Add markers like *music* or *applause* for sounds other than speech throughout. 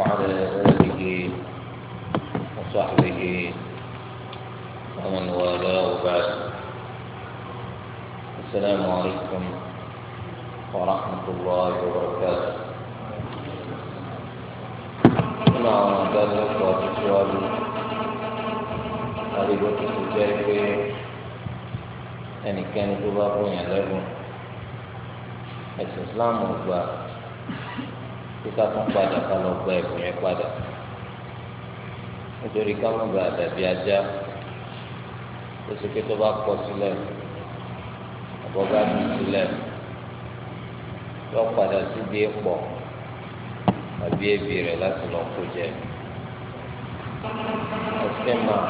وعلى آله وصحبه ومن والاه بعد السلام عليكم ورحمة الله وبركاته أنا أعتقد وأتشوال أريد أن أجيب أن يعني كان يتبقى يعلم يعني الإسلام والبعض kíkà tún padà ká lọ gba ẹ̀bùn yẹn padà nítorí ká mọ̀ bá àdàbí ajá tó ṣe pé tó bá kọ sílẹ̀ ọ̀bọ bá mi sílẹ̀ lọ padà síbi èèpọ̀ àbí ebi rẹ̀ láti lọ kó jẹ ẹsẹ̀ máa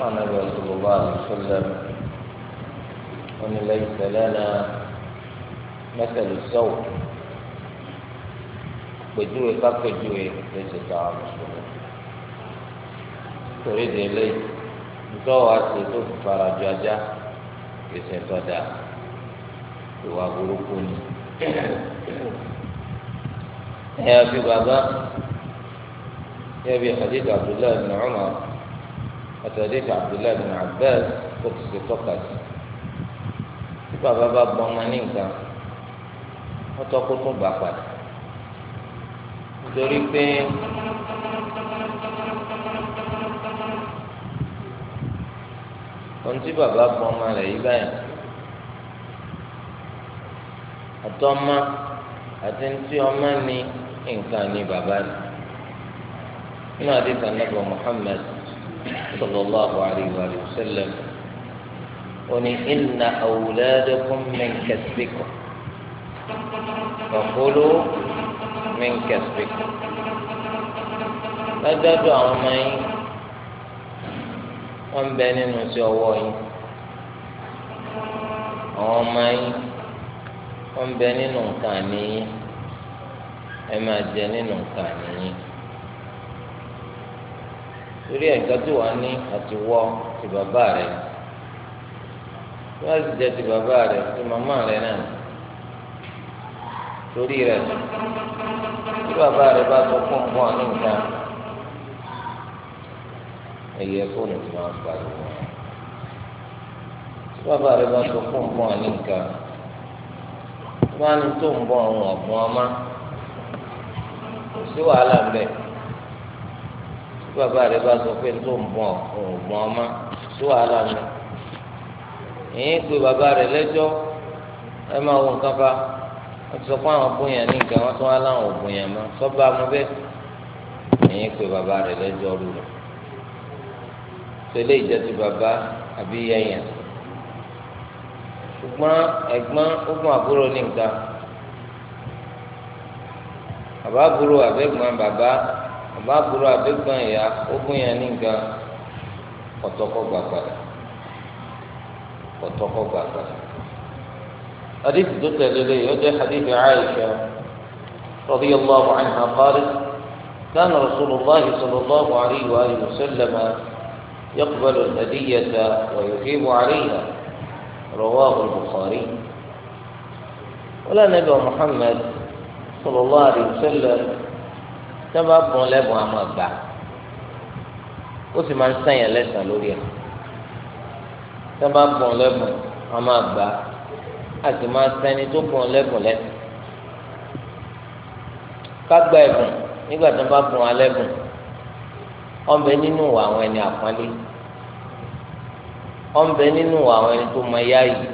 wọn àgbà sọ̀rọ̀ bá àlọ́ sọ́lẹ̀ wọn ni lẹ́yìn tẹ̀lé náà mẹ́tẹ̀lú sọ́wọ́ àpèjúwe kápèjúwe lè ṣe ta mùsùlùmí torí de lé nítorí wàá ṣe tó fi fara ju ajá kìsìn tọ́da ìwà burúkú ni ẹ fi bàbá yẹbi hadith abdullahi bin umar àti hadith abdullahi bin abbas kò tó ṣe tọ́ka sí tí bàbá bá gbọ́n ma ní nǹkan wọ́n tọ́ kó tún gbà padà torí pé ohun tí bàbá kan ọmọ rẹ̀ yí báyìí àtọ́mọ àti ntí ọmọ ni nǹkan ni bàbá ni nínú àdéhùn anábọ Muhammad sallallahu alayhi wa sallam oni inna awuladakum min kasbikum fakulu. min kasbik lọdọdọ àwọn ọmọ yín wọn bẹ nínú sí ọwọ́ yín àwọn ọmọ yín wọn bẹ nínú nǹkan àníyín ẹ máa jẹ nínú nǹkan àníyín torí ẹ̀ka tó wà ní àtiwọ́ ti bàbá rẹ̀ wọ́n ti bàbá ti màmá náà torí tí bàbá rẹ bá sọ fún ọmọ àní nǹkan ẹyẹ fóònù tí wọn gbà lọ tí bàbá rẹ bá sọ fún ọmọ àní nǹkan tí wọn ní tó ń bọ ọrùn ọgbọn ọmọ kò sí wàhálà ń tí bàbá rẹ bá sọ pé tó ń bọ ọrùn ọgbọn ọmọ kò sí wàhálà ń bẹ pé bàbá rẹ lẹ́jọ́ ẹ máa wọ nǹkan bá wọ́n ti sọ fún àwọn ògùn yẹn ní nǹkan wọ́n tún wá láwọn ògùn yẹn mọ́ sọ́ba mo bẹ́ẹ̀ ẹ̀yìn pé bàbá rẹ̀ lẹ́jọ́ rú lọ tẹ́lẹ̀ ìjẹ́ ti bàbá àbí yẹ̀yẹ̀ ṣùgbọ́n ẹ̀gbọ́n ogún àbúrò ní nǹkan bàbá àbúrò àbẹ́gbọ́n bàbá bàbá àbúrò àbẹ́gbọ́n ìyá ogún yẹn ní nǹkan ọ̀tọ́kọ̀ gbàgbàdà ọ̀tọ́kọ̀ gbàgbàdà. حديث ضد لدي وجه حديث عائشة رضي الله عنها قالت كان رسول الله صلى الله عليه وآله وسلم يقبل الهدية ويجيب عليها رواه البخاري ولا نبي محمد صلى الله عليه وسلم كما بن لبن أما بعد وسمع سيئا لسنا لوريا كما بن لبن أما بعد a sì máa sẹni tó bùn lẹ́bùn lẹ́sìn ká gba ẹ̀bùn nígbà tó bá bùn alẹ́bùn ọ̀nbẹ nínú àwọn ẹni àpọ́nlé ọ̀nbẹ nínú àwọn ẹni tó mọ ẹyá yìí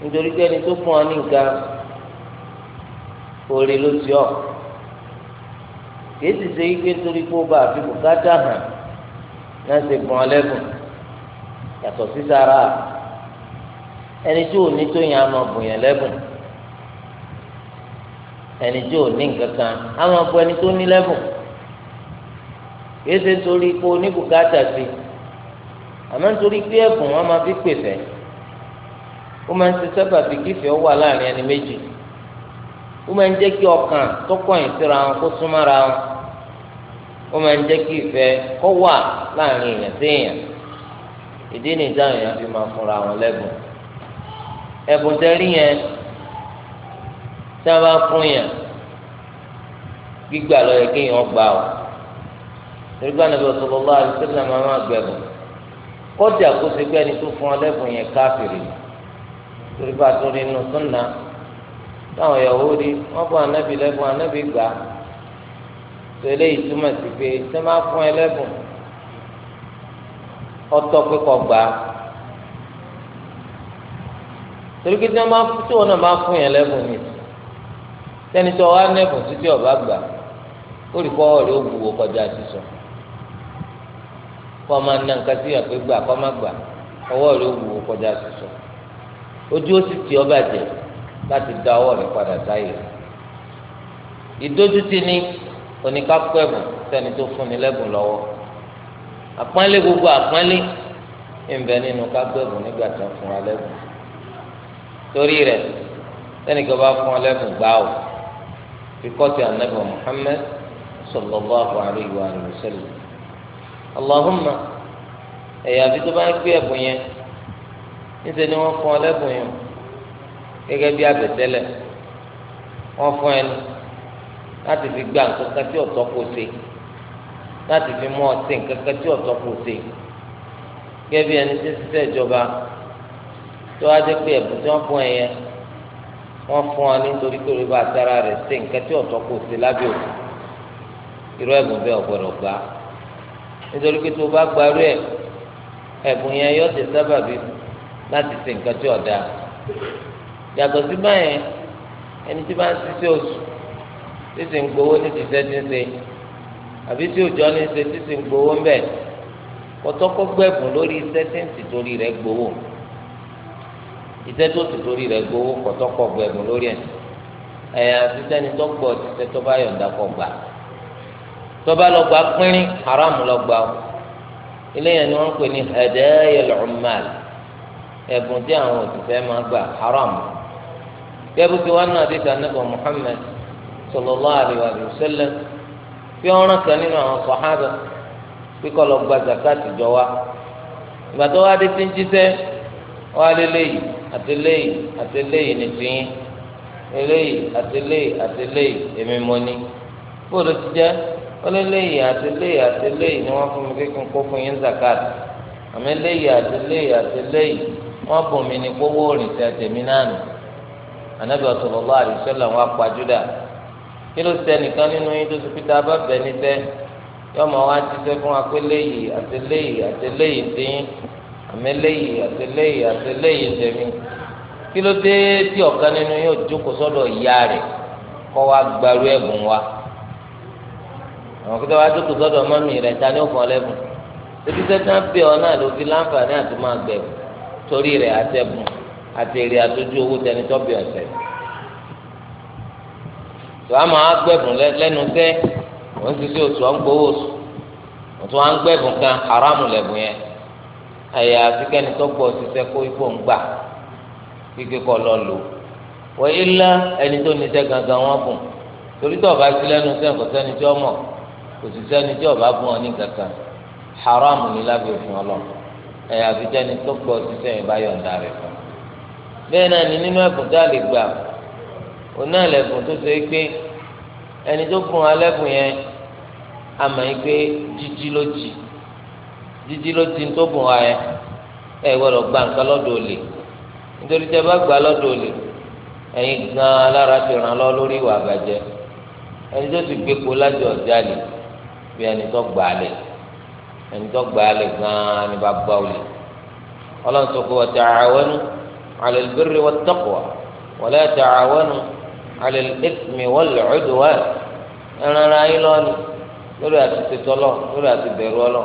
nítorí pé ẹni tó fún ọ ní nǹkan oore ló ti ọ kìí sì ṣe ike torí pé ó bá àfi bùkátà hàn náà ṣe bùn ọ lẹ́bùn yàtọ̀ sí sára. ẹni tí ò ní tó yẹn á máa bùn yẹn lẹ́bùn ẹni tí ò ní nǹkan kan á bùn ẹni tó ní lẹ́bùn kìí torí pé oníbùkátà sí àmọ́ nítorí pé ẹ̀bùn wọn máa fi pèsè ó máa ń ṣe sábà kífẹ́ wà láàrin ẹni méjì ó máa ń jẹ́ kí ọkàn tó síra wọn kó súnmọ́ra wọn ó máa ń jẹ́ kí ìfẹ́ kó wà láàrin èèyàn sí èèyàn ìdí ẹ̀bùn tẹ́rí yẹn tí wọ́n bá fún yẹn gbígbà lọ yẹ kéèyàn gbà ó nígbà náà bí sallallahu alaihi wasallam máa máa gbẹ̀bùn kọ́jà kó ti gbẹ́ni tó fún ọlẹ́bùn yẹn káfìrì torí bá a tó rí inú súnà táwọn Yahudi wọ́n fún anábì lẹ́bùn anábì gbà túmọ̀ sí pé fún ẹlẹ́bùn ọtọ́ gbà á. torí pé tí wọ́n bá tí wọ́n náà bá fún yẹn lẹ́bùn mi sẹ́ni tó wá nẹ́bùn títí ọ̀bá gbà ó rí kọ́ ọ̀rẹ́ òwúwo kọjá sísọ kọ́ máa ná nǹkan sí àpé gbà kọ́ má gbà ọwọ́ rẹ̀ òwúwo kọjá sísọ ojú ó sì ti ọ bàjẹ́ láti da ọwọ́ rẹ̀ padà sáyè ìdójútì ni oníkápẹ́ ẹ̀bùn sẹ́ni tó fúnni lẹ́bùn lọ́wọ́ àpọ́nlé gbogbo àpọ́nlé ń nínú kápẹ́ ẹ̀bùn nígbà tí wọ́n fún wa lẹ́bùn torí rẹ̀ sẹ́nìkan bá fún ọlẹ́bùn gbá o bíkọ́tì ànábì Muhammad sallallahu alayhi wa sallam Allahumma ẹ̀yà àfi tó bá ń gbé ẹ̀bùn yẹn níṣẹ́ ni wọ́n fún ọlẹ́bùn yẹn gẹ́gẹ́ bí abẹ̀tẹ́lẹ̀ wọ́n fún ẹni láti fi gba nǹkan kan tí ọ̀tọ́ kò ṣe láti fi mú ọtí nǹkan kan tí ọ̀tọ́ kò ṣe gẹ́gẹ́ bí ẹni tí ń ṣiṣẹ́ ìjọba tó wá jẹ pé ẹ̀bùn tí wọ́n fún ẹ yẹn wọ́n fún ọ nítorí pé olùbá àtàrà rẹ̀ ṣe nǹkan tí ọ̀tọ̀ kò sí lábẹ́ òkú irú ẹ̀bùn bẹ́ẹ̀ ọ̀gbọ́dọ̀ gbà nítorí pé tó bá gbarú ẹ̀ ẹ̀bùn yẹn yóò ti sábàbí láti ṣe nǹkan tí ọ̀dà yàtọ̀ sí báyẹn ẹni tí bá ń ṣiṣẹ́ oṣù títí ń gbowó ní tìṣẹ́ tí ń ṣe àbí tí òjò ní ṣe títí ń gbowó ń bẹ̀ kọ́tọ́kọ́ gbẹ̀bùn lórí iṣẹ́ tí ń tì torí rẹ̀ gbowó iṣẹ́ tó ti torí rẹ̀ gbowó kọ̀tọ́kọ̀ bu ẹ̀bùn lórí ẹ̀ ẹ̀yà fífẹ́ni tó gbọ́ títẹ́ tó bá yọ̀ǹda kọ̀ gbà tó bá lọ gbà pínrín haram lọ gbà o ilé ni wọ́n ń pè ní hadayal ummal ẹ̀bùn tí Muhammad wa sallam fi ọ̀ràn kan nínú àwọn lọ wa ìgbà tó wá dé ń jíṣẹ́ àtẹlẹyìn àtẹlẹyìn ni tìyín eléyìí àtẹlẹyìn àtẹlẹyìn èmi mo ní bóòlù ti jẹ ọlẹlẹyìn àtẹlẹyìn àtẹlẹyìn ni wọn fún mi kékeré kó fún yín zakat àmì eléyìí àtẹlẹyìn àtẹlẹyìn wọn bùn mí ní kówó òrìn tí a tẹmí náà nù anabi wọn bẹ yọmọ wa ti fún wa àmẹlẹyìí àtẹlẹyìí àtẹlẹyìí tẹmí kí ló dé tí ọ̀kan nínú yóò jókòó sọ́dọ̀ ìyá rẹ̀ kọ́ wa gbarú ẹ̀bùn wa àwọn kí tó wá jókòó sọ́dọ̀ mọ́mì rẹ̀ ta ni ó fọ́ lẹ́bùn ebi sẹ́tàn bẹ̀ ọ́ náà ló fi láǹfààní àti máa gbẹ̀bù torí rẹ̀ àtẹ̀bùn àti èrè àtọ́jú owó tẹni tó bẹ̀ ọ̀sẹ̀ tó a máa gbẹ̀bùn lẹ́nu sẹ́ òun ti sẹ́ oṣù ọ̀gbọ́wọ́sù òtún à ń gbẹ̀bùn kan haramu lẹ̀bùn yẹn ẹ̀yà àfikẹ́ni tó gbọ́ ṣiṣẹ́ kó ipò ń gbà kíkẹ́ kọ́ lọ lò wọ́n ilá ẹni tó níṣẹ́ gangan wọn bùn torí tó ọba sí lẹ́nu sẹ́yìn kò sẹ́ni tí ó mọ̀ kò sì tí ọba bùn ọ ní kankan haram ní lábẹ́ òfin ọlọ́run ẹ̀yà àfikẹ́ni tó gbọ́ ṣiṣẹ́ yẹn bá yọ̀ǹda rẹ̀ fún bẹ́ẹ̀ náà ni nínú ẹ̀bùn tá a lè gbà òun náà lẹ̀bùn tó ṣe é pé ẹni tó fún alẹ́bùn yẹn àmọ́ yìí pé jíjí ló jì í jíjí ló ti ń tó bùn wa yẹn ẹ gbọ́dọ̀ gba nǹkan lọ́dọ̀ olè nítorí tẹ́ bá gbà lọ́dọ̀ olè ẹ̀yin gan alára ti ràn lọ lórí ìwà àbàjẹ́ ẹni tó ti gbépo láti ọjà lè bí ẹni tó gbà á lè ẹni tó gbà á lè gan ni bá gbà olè Ọlọ́run sọ pé wa ta'awanu 'ala al-birri wat-taqwa wa la ta'awanu 'ala al-ithmi wal-'udwan ẹran ara yín lọ́ni lórí àti tètè ọlọ́ lórí àti bẹ̀rù ọlọ́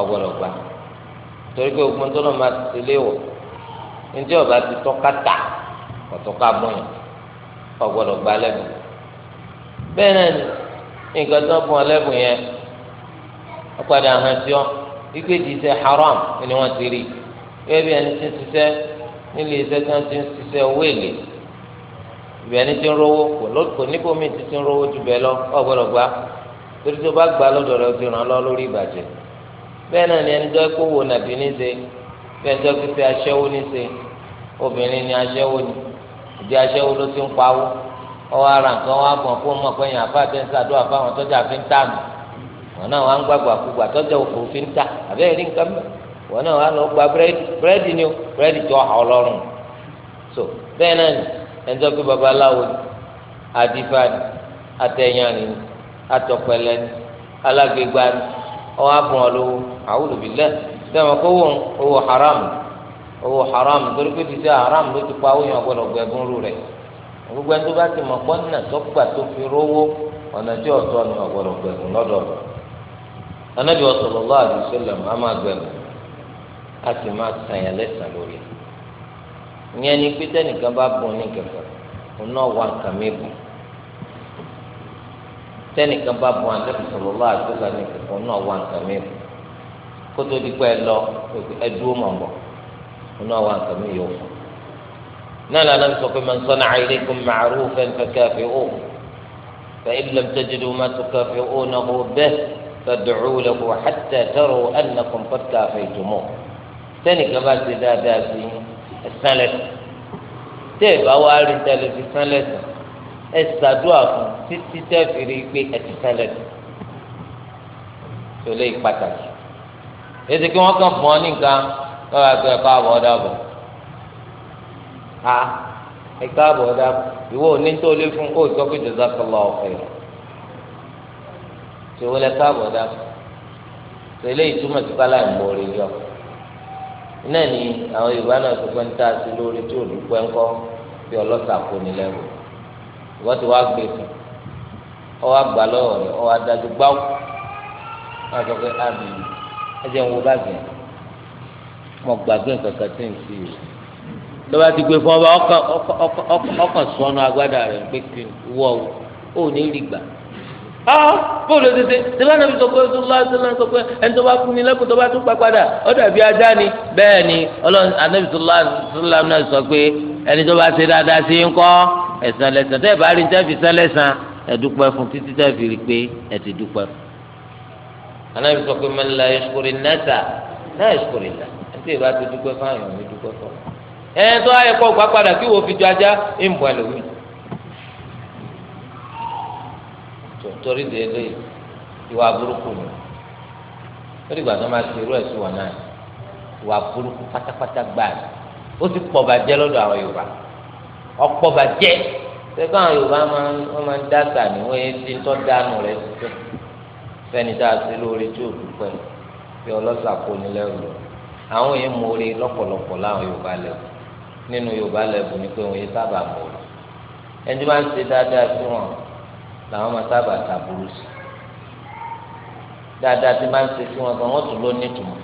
Ọgbọlọgba gbà torí pé ogun tó náà ti ọba ti tọ́ka tà ọ̀tọ́ka bọ̀yàn ọ̀gbọ́dọ̀ gbà lẹ́bùn bẹ́ẹ̀ náà ni nǹkan tó yẹn ọ ti haram ni wọ́n ti rí bẹ́ẹ̀ bí ẹni ti ń nílé tí ti owó èlé ti ń rówó kò ti ti ń rówó ju lọ bẹ́ẹ̀ náà ni ẹni tó kó wo nàbí ní ṣe bẹ́ẹ̀ tó kí fi aṣẹ́wó ní ṣe obìnrin ni aṣẹ́wó ni ìdí aṣẹ́wó ló ti ń pawó ọwọ́ ara nǹkan wá gbọ̀n fún ọmọ pé yàn àfáà tẹ́ ń ṣàdúrà fáwọn tọ́jà fi ń tà nù wọn náà wá ń gbàgbà kúgbà tọ́jà òfò fi ń tà àbẹ́rẹ́ rí nǹkan mìíràn wọn náà wá lọ gba búrẹ́dì ni o búrẹ́dì tó hà ọlọ́run so bẹ́ẹ̀ náà ni ẹni tó kí babaláwo ni adífá ni atẹ̀yàn ni atọ̀pẹ̀lẹ̀ ni alágbègbà ni ọ lówó àwùjọ bí lẹ́ sẹ́wọ̀n kó wọ́n haram owó haram torí pé ti sẹ́ haram ló ti pa owó yẹn ọgbọ́dọ̀ gbẹ̀gùn rú rẹ̀ gbogbo ẹni tó bá ti mọ̀ pọ́nà tó gbà ọ na rówó ọ̀nà tí ọ̀tọ̀ ni tẹnìkan bá bu anabi sọlọ lọ àdúrà ní kòkó náà wà nǹkan mìíràn kótó dípẹ́ ẹ lọ ẹdúró mọ̀ mọ̀ náà wà nǹkan mìíràn yóò fún náà lànà sọ pé man sana'a ilaykum ma'rufan fakafi'uhu fa in lam tajidu ma tukafi'unahu bihi fad'u lahu hatta taraw annakum qad kafaytumuhu tẹnìkan bá ti dáadáa sí ẹ̀sán lẹ́sìn tẹ́ẹ̀ rí tẹ́lẹ̀ fi ẹ ṣàdúrà fún títí tẹ́ fi rí i pé ẹ ti tẹ́lẹ̀ dùn tó lé pàtàkì ètò kí wọ́n kàn fún ọ ní nǹkan lọ́wọ́ àti ẹ̀ka àbọ̀ ọ̀dà bọ̀ ha ẹ̀ka àbọ̀ ọ̀dà ìwọ ò ní tó lé fún ó sọ pé jazakallahu khairan tó wọlé ẹ̀ka àbọ̀ ọ̀dà tó lé ìtumọ̀ sí kálá ìmọ̀ọ́rẹ́ yọ náà ni àwọn Yorùbá náà sọ pé ń ta sí lórí tí òdùpẹ́ ńkọ́ bí ọlọ́sàkó ni lẹ́rù ìwọ́n ti wá gbé fún ọwọ́ àgbà lọ́wọ́ rẹ̀ ọwọ́ adájú gbáwó wọ́n sọ pé àmì ẹ̀jẹ̀ ń wo báàgì yẹn mo gbàgbé nǹkan kan tí ń fi o lọ́ba ti gbé fún ọba ọkàn sọnù agbádá rẹ̀ pé kí wọ́ o ò ní rí gbà bóòlù tètè tèlá nàbí sọ pé sọlá sọlá sọ pé ẹni tó bá fún ni lẹ́kùn tó bá tún pàpàdà ó dàbí ajá ni bẹ́ẹ̀ ni ọlọ́run ànábì sọlá sọlá náà sọ pé ẹni tó bá ṣe dáadáa sí ń kọ́ ẹ̀san lẹ́san tẹ́ ẹ bá rí ní tẹ́fì sán lẹ́san ẹ dúpẹ́ fún títí tẹ́fì rí pé ẹ ti dúpẹ́ fún. anábì sọ pé man la yashkuri nasa la yashkuri Allah ẹ tẹ́ ẹ bá ti dúpẹ́ fún àyàn mi dúpẹ́ fún. ẹ tó ayẹ kọ́ gbà padà kí wo fi ju ajá ń bọ̀ ẹlòmíì. torí délé ìwà burúkú ni lórí ìgbà tó máa ṣe irú ẹ̀ wọn náà ìwà burúkú pátápátá gbáà ó ti pọ̀ bàjẹ́ lọ́dọ̀ àwọn Yorùbá ọ̀pọ̀ bàjẹ́ sẹ́kọ̀ àwọn yorùbá wọ́n máa ń dá sàmì wọ́n yé ti tọ́ dànù rẹ̀ sísẹ́ fẹ́ni tá a ti lórí tí ò dúpẹ́ bí ọlọ́sà kò ní lẹ́rù lọ àwọn yẹn mú orí lọ́pọ̀lọpọ̀ láwọn yorùbá lẹ́bù nínú yorùbá lẹ́bù ni pé wọ́n yé sábà mú orí ẹni tí wọ́n ti dáadáa sí wọn làwọn máa sábà tàbúrú sí dáadáa tí wọ́n ti sí wọn gan wọ́n tún ló nítumọ̀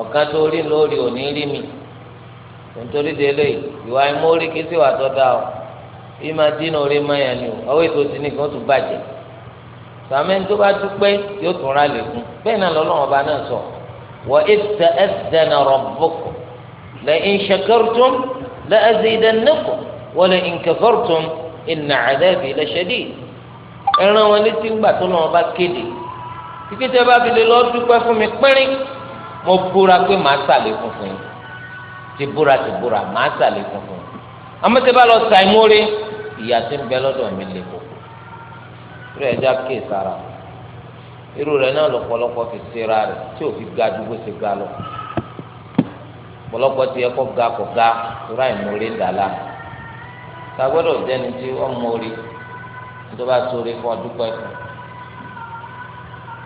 ọ̀kan tó rí lórí òní rí mi nítorí délé ìwà ìmórí kí sí wà tó dá o bí máa dínà orí máyà ni o ọwọ́ ètò ti ní kí wọ́n tún bàjẹ́ sàmì tó bá dúpẹ́ yóò tún ra lẹ́kùn bẹ́ẹ̀ náà lọ́lọ́wọ́n bá náà sọ wọ́n ètò ẹ̀sìdẹ̀nà rọ̀bùkù lẹ́yìn ṣẹkẹ́rùtùm lẹ́ẹ̀zìdẹ̀nẹ́kù wọ́n lẹ́yìn kẹfẹ́rùtùm ìnà àdẹ́bì lẹ́ṣẹ́dì ẹ̀ràn wọn létí ńgbà tó lọ́wọ́ bá kéde kíkẹ́tẹ́ bá fi lè lọ́ọ́ dúpẹ́ fún mi pẹ́rín mo búra pé màá ṣàlékún fún yín ti búra ti búra màá ṣàlékún fún yín àmọ́ tẹ́ bá lọ ṣàìmórí ìyá tí ń bẹ lọ́dọ̀ mi lè kó irú ẹja kéè sára irú rẹ̀ náà lọ́pọ̀lọpọ̀ fi ṣera rẹ̀ tí ò fi ga ju bó ṣe ga lọ pọ̀lọpọ̀ ti yẹ kó ga kó ga irú àìmórí dàlá ta gbọ́dọ̀ jẹni tí wọn mórí tó bá sórí fún ọdúpẹ́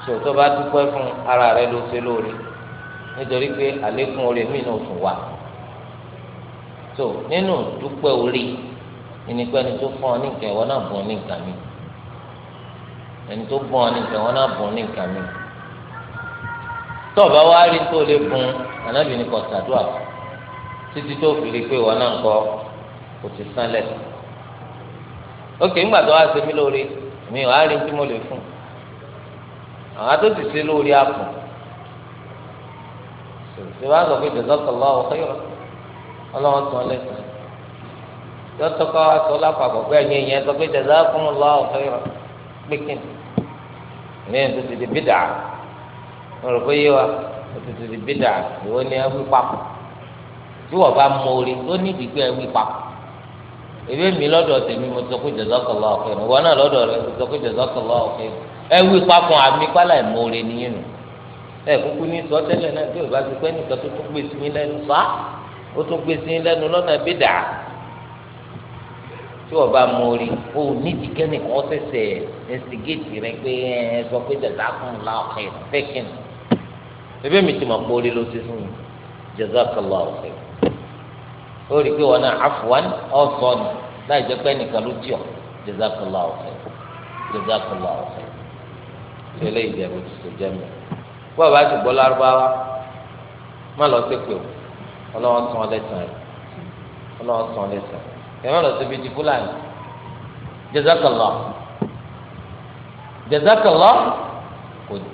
fún tó bá dúpẹ́ fún ara rẹ̀ ló ṣe lóore. nítorí pé àlékún orí mi náà tún wà tó nínú dúpẹ́ orí tó fún ọ ní nǹkan ìwọ náà bùn ọ ní nǹkan mi ẹni tó bùn ọ ní nǹkan ìwọ náà bùn ọ ní nǹkan mi tọ́ọ̀bá wa rí tó lè bùn ànábì ní kọ́ títí tó fi rí pé ìwọ náà kò ti sánlẹ̀ ókè ńgbà fún àwọn ìwà sọ pé jọ̀dọ́kọ̀lá ọ̀kọ́yọ̀ ọlọ́run tán lẹ́sìn yọtọkọ aṣọ lápapọ̀ pé ẹ̀yin ìyẹn sọ pé jazakumullahu khairan pékin lẹ́yìn tó ti di bídà wọn rò pé yé wa tó ti di bídà ìwọ ni ẹwí papọ̀ tí wọ́n bá mọ orí tó ní ìdìgbẹ́ ẹwí papọ̀ ebi mi lọ́dọ̀ tèmi mo sọ pé jazakumullahu khairan wọn náà lọ́dọ̀ rẹ mo sọ pé jazakumullahu khairan ẹwí papọ̀ àmì pálá ẹ kúkú ní sọ tẹ́lẹ̀ náà tí o bá ti pẹ́ nìkan tó tún gbèsè yín lẹ́nu fa ó tún gbèsè yín lẹ́nu lọ́nà bídà tí o bá mọ orí o nídìí kẹ́nìkan ó sẹ̀sẹ̀ ẹ̀sìgéètì rẹ pé ẹ sọ pé jazakallahu khairan fẹ́kìn ebe mi ti mọ̀ pé orí ló ti fún mi jazakallahu khairan ó rí i pé wọn náà afwan ọ̀sọ́ ni láì jẹ́ pé nìkan ló tì ọ́ jazakallahu khairan jazakallahu khairan tẹ́lẹ̀ ti sọ jẹ́ mi bó ọba ti gbọ́ lárúbáwá má lọ sí pé o ọlọ́wọ́n sàn lẹ́sàn rẹ̀ ọlọ́wọ́n sàn lẹ́sàn rẹ̀ ẹ̀rọ lọ síbi ti fúlàní jazakallah jazakallah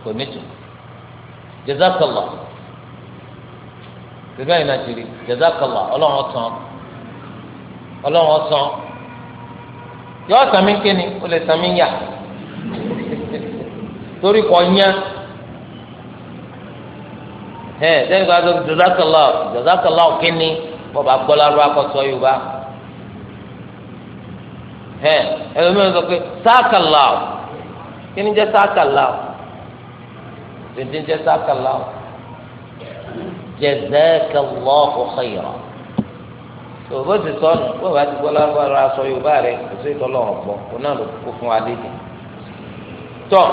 kò níjù jazakallah bíbẹ́ yìí náà ti rí jazakallah ọlọ́wọ́n sàn ọlọ́wọ́n sàn yọ sàmí kéne ó lè sàmí yà *laughs* torí kò yẹn ẹ sẹ́ni kan sọ jazakallah jazakallah kínní wọ́n bá gbọ́ lárúbá kọ́ sọ yorùbá ẹ ẹlòmíràn sọ pé sáàkàlá kínní jẹ́ sáàkàlá tuntun jẹ́ sáàkàlá jazakallah khayran tó bó ti sọnù bó bá ti gbọ́ lárúbá rà sọ yorùbá rẹ kò sí ìtọ́lọ́ ọ̀pọ̀ kó náà ló kó fún wa dídì tọ́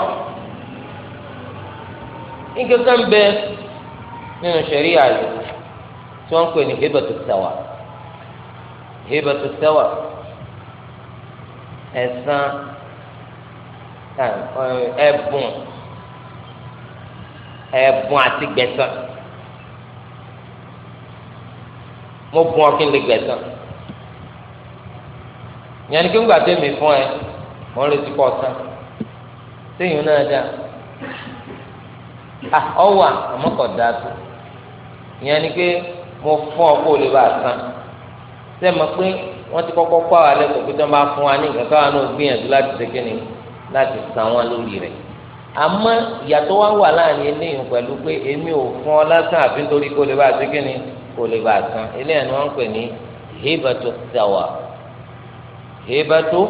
nǹkan bẹ́ẹ̀ nínú sẹ̀ríà yìí tí wọ́n ń pè ní hibatu sawa hibatu sawa ẹ̀san ẹ̀bùn ẹ̀bùn àti gbẹ̀san mo bùn ọ kí n lè gbẹ̀san yẹn ni kí n gbà tó èmi fún ẹ mo ń retí kọ́ ọ̀sán téèyàn náà dáa ọwà àmọ́kọ̀dá tó ìyẹn ni pé mo fún ọ kó o lè bá a san ṣe mọ̀ pé wọ́n ti kọ́kọ́ kọ́ àwọn alẹ́ kọ̀ọ̀kan tó ń bá fún wa ní nǹkan káwọn náà gbìyànjú láti ṣe kí ni láti san wọn lórí rẹ̀ àmọ́ ìyàtọ̀ wa wà láàrin eléyìí pẹ̀lú pé èmi ò fún ọ lásán àfi nítorí kó o lè bá a ṣe ni kó o lè bá a san eléyìí ni wọ́n ń pè ní hibatu sawa hibatu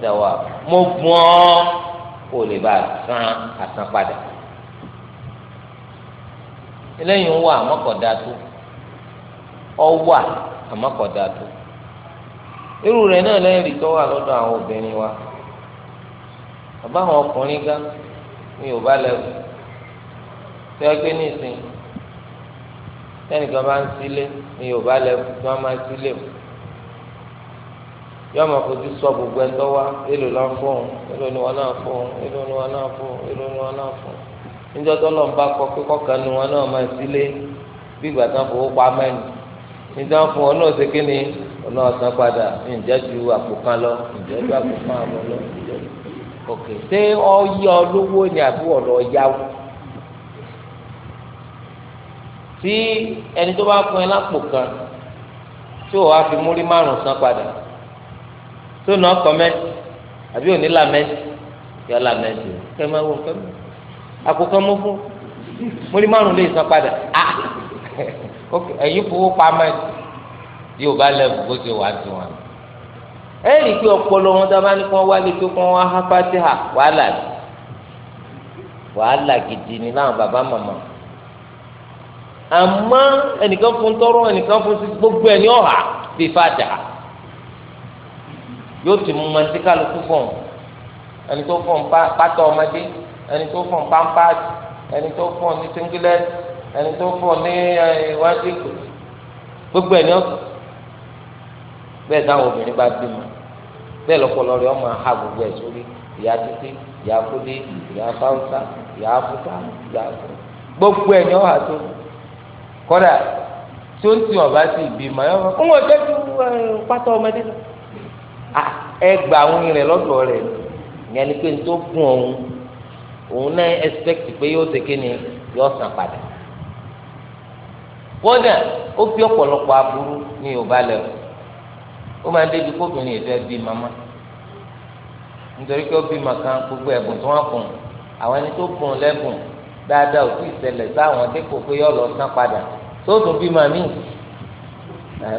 sawa mo gbọ́n kó o lè bá a san àsan padà. eléyìí ń wà ọ wà àmọ́kọ̀dá tó irú rẹ̀ náà tó wà lọ́dọ̀ àwọn obìnrin wa bàbá àwọn ọkùnrin gá ní yorùbá lẹ́wù tó yẹ pé nísìnyí tẹnìkan bá ń sílé ní yorùbá sọ gbogbo ẹ̀ ń èlò fún èlò ni wọ́n náà fún òun èlò ni wọ́n náà fún èlò ni wọ́n náà fún níjọ́ tó lọ́n bá kọ pé kọ́kàn nu wọn náà máa sílé bí ìgbà tán fowó pa mẹ́rin níjọ́ fún ọ náà ṣe kí ni ọ̀nà ọ̀sán padà ǹjẹ́ ju àpò kan lọ ǹjẹ́ ju àpò kan àbọ̀ lọ ǹjẹ́ ju ok ṣé ọyọ lówó ni àbí ọ̀rọ̀ yáwó tí ẹni tó bá fún ẹ lápò kan tí ò wá fi múrí márùn san padà tó nà ọkọ mẹ́tì àbí òní làmẹ́tì yọ làmẹ́tì kẹ́mẹ́wò kẹ́mẹ́wò àkókò mú fún mo rí márùn lè san padà ah *laughs* ẹ̀yin fowó pamọ́ yìí ò bá lẹ́bù bó ṣe wà á ti wọn. ẹ rí i pé ọpọlọ wọn dábàá ní kí wọn wálé tó kí wọn wá hápátí hà wàhálà ni wàhálà gidi ni láwọn bàbá màmá àmọ́ ẹnìkan fún tọrọ ẹnìkan fún sí gbogbo ẹni ọ̀hà bíi fàjà yóò ti mú mọtí kálukú fún ẹni tó fún pátá ọmọdé ẹni tó fún pampers ẹni tó fún ní singlet ẹni tó fún ní iwájú ìkò gbogbo ẹni ọkọ bẹ́ẹ̀ táwọn obìnrin bá bímọ bẹ́ẹ̀ lọ́pọlọ rẹ ọmọ aha gbogbo ẹ sórí ìyá títí ìyá kúdí ìyá fáwùsà ìyá áfúkà ìyá áfúkà gbogbo ẹni ọhà tó kódà tí ó ń tì ọba sí ìbímọ ẹ wọn wọn jẹ ju pátá ọmọdé lọ ẹ gba àwọn irin lọ́dọ̀ rẹ yẹn ni pé n tó gùn ọhún. òun náà expect pé yóò ṣe kí ni yóò san padà kódà ó fi ọ̀pọ̀lọpọ̀ aburú ní yorùbá lẹ́wọ̀ ó máa débi kóbìnrin ìfẹ́ bí mama nítorí pé ó bí màkàn gbogbo ẹ̀bùn tí wọ́n fún un àwọn ẹni tó fún un lẹ́bùn dáadáa ò tí ì ṣẹlẹ̀ sáwọn pé lọ san padà tó tún bí màmí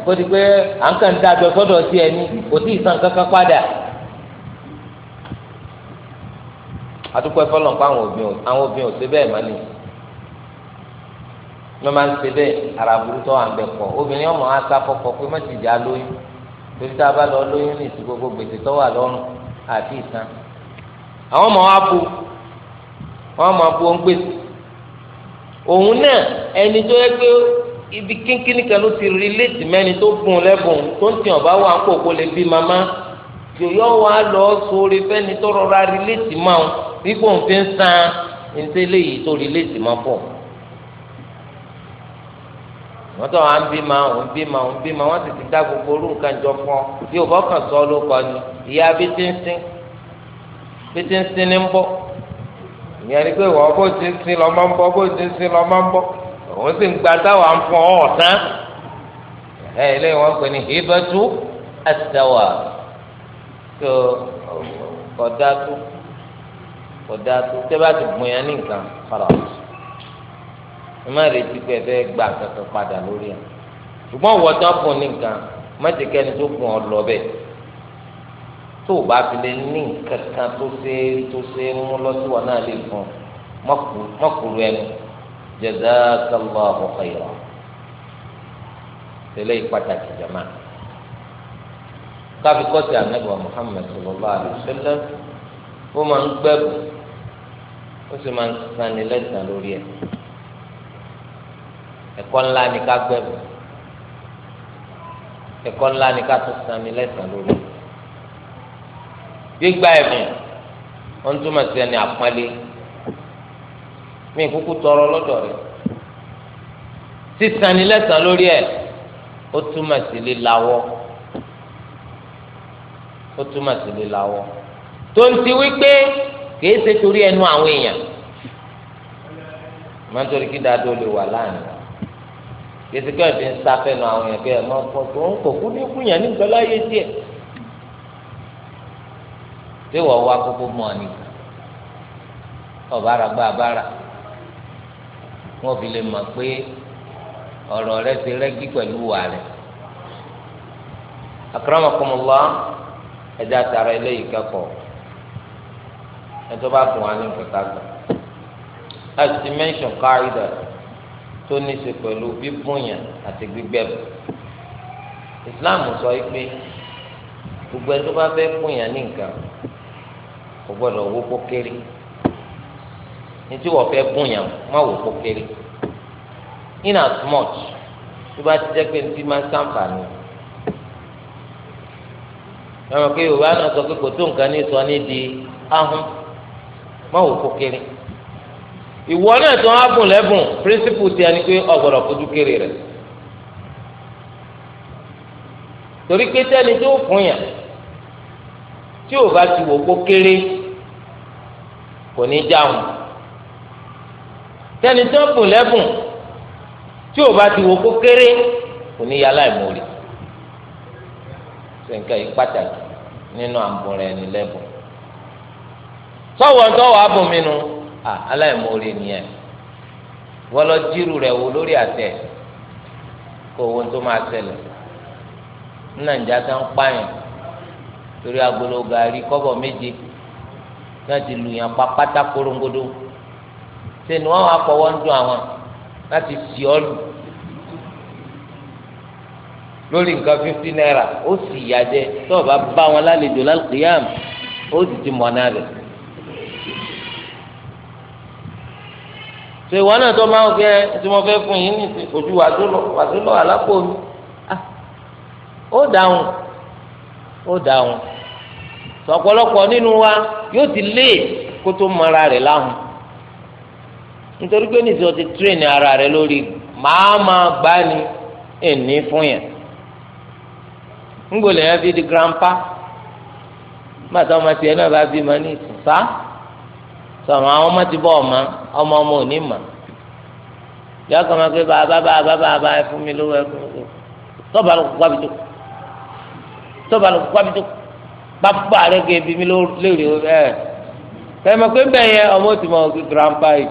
kó di pé à ń kàn sọ́dọ̀ sí ẹni kò tí ì àtúkọ ẹfọ pa àwọn obìnrin àwọn obìnrin ò ṣe bẹ́ẹ̀ má nìyí ní wọn máa ń ṣe bẹ́ẹ̀ ara burúkú wà ń bẹ pọ obìnrin ọmọ wa sá fọkọ pé má ti jà lóyún torí tá a bá lọ lóyún ní ìsìn gbogbo gbèsè tó wà lọ́rùn àti ìsan àwọn ọmọ wa bu wọn máa bu ohun gbèsè òun náà ẹni tó yẹ pé ibi kínkínní kan ló ti relate mẹ́ni tó bùn lẹ́bùn tó ń tiẹ̀ ọ̀bá wà ń kó lè bí mama yòyọ́ wa lọ sórí fẹ́ni tó rọra relate máa ń wípé òun fi ń san ntẹ́ léyìí tó rí léèsì máa pọ̀ wọ́n tọ́ à ń bímọ òun bímọ òun bímọ wọ́n sì ti dá gbogbo orú nǹkan jọ fún ọ bí o bá kàn sọ ló kọ ni ìyá bí ti ń sin bí ti ń sin ní ń bọ̀ ìyẹn ni pé wọ́n bó ti ń sin lọ́ máa ń bọ̀ bó ti ń sin lọ́ máa ń bọ̀ òun sì ń gba táwa ń fún ọ ọ̀tán ẹ ilé wọn pè ní hibatu àtàwà tó kọjá tó kódà tó tẹ́bà ti bùn yẹn ní nǹkan fara ọ̀tún ẹ má retí pé ẹ fẹ́ gba kankan padà lórí ẹ̀ ṣùgbọ́n wọ́n tán fún ní nǹkan mọ́tìkẹ́ni tó fún ọ lọ bẹ́ẹ̀ tó o bá fi lè ní nǹkan kan tó ṣe é tó ṣe é mú lọ́síwọ̀n náà lè fún mọ́kùrú ẹnu jazakallahu khairan tẹlẹ ìpàtàkì jama káfíkọ́sì anábìwá Muhammad sallallahu alaihi wasallam ó máa ń gbẹ́bùn ó sì máa ń sanni lẹ́sàn lórí ẹ̀ ẹ̀kọ́ ńlá ni ká gbẹ̀bù ẹ̀kọ́ ńlá ni ká tún sanni lẹ́sàn lórí ẹ̀ gbígbà ẹ̀bùn ó ń túmọ̀ sí ẹni àpọ́nlé mi kúkú tọrọ lọ́dọ̀ rẹ̀ sísanni lẹ́sàn lórí ẹ̀ ó túmọ̀ sí lílawọ́ ó túmọ̀ sí lílawọ́ tó ń ti wí pé kìí ṣe torí ẹnu àwọn èèyàn máa ń torí kí dáadọ́ lè wà láàánú kìí ṣe kí ọ̀dín sáfẹ́ nu àwọn èèyàn kí ẹ máa fọ́ tó ń kò kú ní kúnyàn ní nǹkan láyé díẹ̀ tí wọ́n wá kókó mọ́ ni ọ̀bára gbá abára wọ́n fi lè mọ̀ pé ọ̀rọ̀ rẹ ti rẹ́gí pẹ̀lú wà rẹ̀ akramakumullah ẹ̀dá tara eléyìí kẹ́kọ̀ọ́ ẹtọ́ bá fún wa ní nkẹta gbà ẹtì mẹ́ńsọ̀n káyidà tó ní í ṣe pẹ̀lú bíbúnyàn àti gbígbẹ̀bù Islam sọ pé gbogbo ẹni tó bá fẹ́ búnyàn ní nǹkan kò gbọ́dọ̀ wó kó ní tí wọ́n fẹ́ búnyàn má wó kó in as much tó bá ti jẹ́ pé ní ti máa ń sàǹfààní ẹ̀rọ pé Yorùbá náà sọ pé kò tó nǹkan ní sọ ní di ahọ́n má wò kó kéré ìwọ náà tó wá bùn lẹ́bùn píríncípù tiẹ̀ ni pé ọ̀gbọ̀dọ̀ fojú kéré rẹ̀ torí pé sẹ́ni tó fún yàn tí ò bá ti wò kó kéré kò ní jáwọn sẹ́ni tó bùn lẹ́bùn tí ò bá ti wò kó kéré kò ní yálà ìmọ̀ọ́lì sẹ́ńkà yìí pàtàkì nínú àbọ̀rẹ̀ ẹni lẹ́bùn sọ̀wọ́n tó wàá bùn mí nu aláìmoore nìyẹn wọ́n lọ jírù rẹ̀ wò lórí àtẹ kó owó tó máa ṣẹlẹ̀ ní nàìjíríà tó ń pààyàn torí agolo gàrí kọ́bọ̀ méje náà ti lu yàn pa pátá korongodo sẹ́ni wọ́n wá pọ̀wọ́ ń dún àwọn láti sì ọ́ lù lórí nǹkan fifty naira ó sì yá jẹ tó o bá bá wọn lálejò lálùkìyàm ó sì ti mọ̀ náà rẹ̀. ṣe ìwọ náà tó máa ń fẹ́ tí mo fẹ́ fún yín ní ojú wàásù lọ àlápò mi ah, ó dáhùn ó dáhùn sọpọlọpọ nínú wa yóò ti lé kó tó mọra rẹ̀ láhùn nítorí pé nìṣó ti train ara rẹ lórí màá máa gbá ni èní fún yẹn ńgbò lèyàn fi di grandpa màtá ọmọ tiẹ̀ náà bá bí ma ní ìsìn sọmọ àwọn ọmọ ti bọ ọmọ ọmọ ọmọ ò ní mà yọ ọkọ máa gbé bàbá bàbá bàbá ẹ fún mi lówó ẹ fún mi lówó tọba ló kó abidó tọba ló kó abidó bàbá rẹ gé ebi mi lórí ẹ tẹmọ pé bẹ́ẹ̀ yẹ ọmọ ti mọ grandpa yìí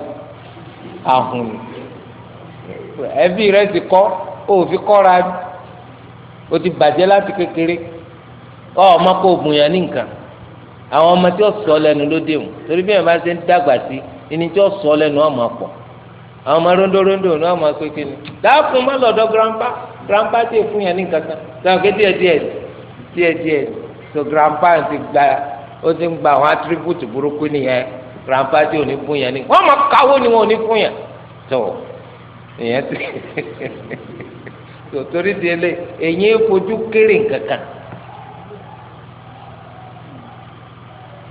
ahùn ẹbí rẹ ti kọ́ òfin kọ́ra o ti bàjẹ́ láti kékeré ọ ọmọ kò bùn yàn ní nǹkan. àwọn ọmọ tí ó sọ lẹ́nu ló dé wọn torí bí wọn bá ṣe ń dàgbà sí ẹni tí ó sọ lẹ́nu ọmọ pọ̀ àwọn ọmọ rondórondó ni wọn máa kéke ni dáàfún má lọ́dọ̀ grandpa grandpa tí èfún yẹn ní nǹkan kan dáàfún ti gba ó ti gba àwọn attribute burúkú nìyẹn grandpa tí ò ní fún yẹn ní wọn ni wọn ò ní fún yẹn tó ìyẹn ti *laughs* èyí fojú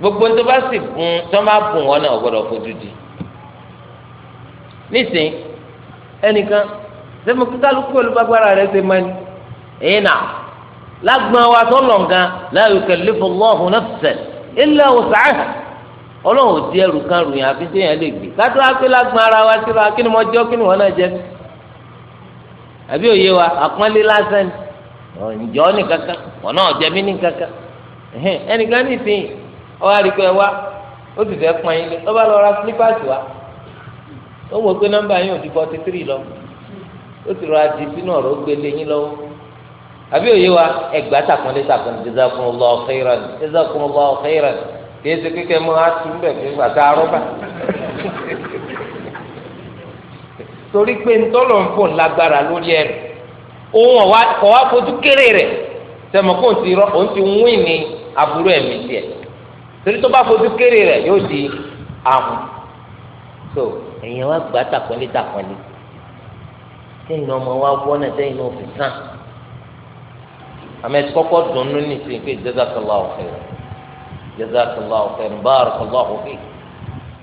gbogbo tó bá sì bùn tó bá bùn wọn náà gbọ́dọ̀ fojú di nísìnyí ẹnìkan sẹmu kíkálukú pẹ̀lú gbàgbára ṣe máa ní èyí lágbọn wa tó lọ nǹkan la yukallifu Allahu nafsan illa wus'aha Ọlọ́run ò di ẹrù kan àfi téèyàn lè gbé kátó lágbọn ara wa síra kí ni mo jẹ kí ni wọn náà jẹ àbí òye ọwọ́ àdìpẹ́ wa ó sì fẹ́ pọn yín lé ọba lọ ra sílípàsì wa ó wò pé nọ́mbà yín ò di forty three lọ ó sì rọra di sínú ọ̀rọ̀ ó gbélé yín lọ́wọ́ àbí òye wa ẹgbà tàkùnlé tàkùn jazakumullahu khairan jazakumullahu khairan kìí ṣe kíkẹ́ mọ́ àtúbẹ̀ kí bàtà arọ́bà torí pé ntọ́lọ̀ ń fò lágbára lórí ẹ̀ òun ọ̀wá fojú kéré rẹ̀ tẹ̀mọ̀ kó o ti wín ní àbúrò ẹ̀mí tiẹ̀ torí tó bá fojú kéré rẹ̀ yóò di ahùn so èèyàn wá gbà tàpẹ́lẹ́ tàpẹ́lẹ́ sẹ́yìn ọmọ wa wọ́n náà sẹ́yìn náà fi sàn àmọ́ ẹ̀sìn kọ́kọ́ dùnú ní ìsìn pé jazakallahu khairan jazakallahu khairan barakallahu fiki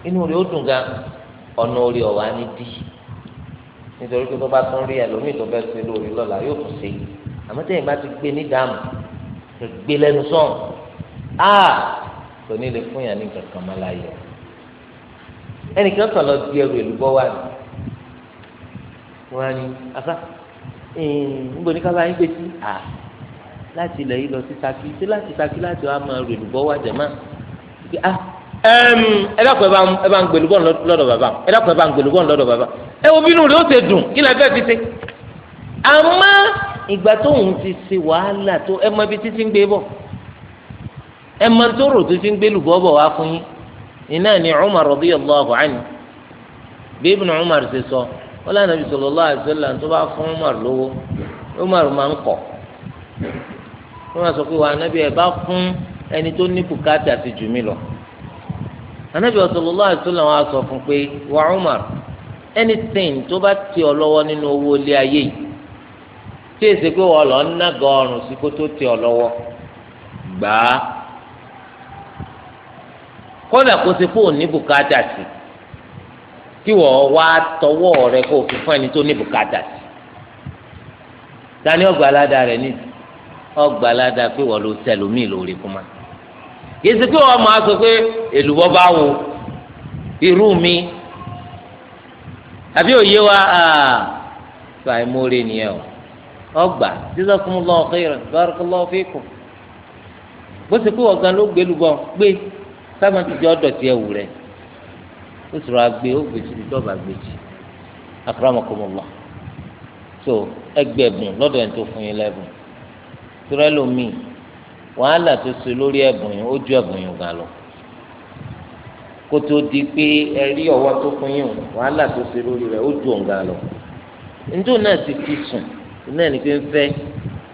inú rẹ̀ ó dùn gan ọ̀nà orí ọ̀wá ní bí nítorí pé tó bá tún rí ẹlòmíì tó bẹ́ẹ̀ ṣe lórí lọ́la yóò tún ṣe àmọ́ sẹ́yìn bá ti gbé ní dààmú gbé lẹ́nu sọ̀n kò ní lè fún yàn ní kankan má láyọ̀ ẹnìkan kan lọ di ẹrù ìlú bọ́ wá ní wọ́n á ní afá níbo ní kábàáyé gbé sí à láti ilẹ̀ yìí lọ sí Ṣakí sí láti Ṣakí láti wá máa rèlú bọ́ wá jẹ̀ máa ẹ dákun ẹ bá ń gbèlú bọ́ọ̀n lọ́dọ̀ bàbá ẹ dákun ẹ bá ń gbèlú bọ́ọ̀n lọ́dọ̀ bàbá ẹ wo bínú rẹ ó ti dùn kí lẹ fi ṣe. àmọ́ ìgbà tóun ti ṣe wàhálà tó ẹ mọ ibi títí ń gbé bọ̀ ẹ mọ tó rò tó fi ń gbé lùbọ́ bọ̀ wá fún yín iná ni Umar radiyallahu anhu bí Ibn Umar ṣe sọ wọn lànà bí sallallahu alaihi wasallam tó bá fún Umar lówó Umar máa ń kọ̀ wọn sọ pé wàá nábì bá fún ẹni tó ní bùkátà ti jù mí lọ Ànábì sallallahu alaihi wasallam wọn kódà kó ti kó ní bùkátà sí kí wọ́n wá tọwọ́ rẹ kó o fi fún ẹni tó ní bùkátà sí tani ọgbà aládàá rẹ ní ọgbà aládàá pé wọ́n ló tẹlómi lórí kuma yìí sì pé wọ́n máa sọ pé èlùbọ́ bá wo irú mi àbí òye wa fàìmórè nìyẹn o ọgbà jazakumullahu khairan barakallahu fikum bó ti ló gbé gbé. sábà ti jẹ́ ọ̀dọ̀ tí ẹ wù rẹ̀ ó agbe ó gbèsè ní dọ́ọ̀bà gbèsè akramakumullah so ẹgbẹ̀bùn lọ́dọ̀ ẹni tó fún yín lẹ́bùn tìrẹ́ lomi wàhálà tó so lórí ẹ̀bùn yín ó ju ẹ̀bùn yín gan lọ kó tó di pé ẹ rí ọwọ́ tó fún yín wàhálà tó so lórí rẹ̀ ó ju òun gan lọ nítorí náà ti fi sùn náà ni pé ń fẹ́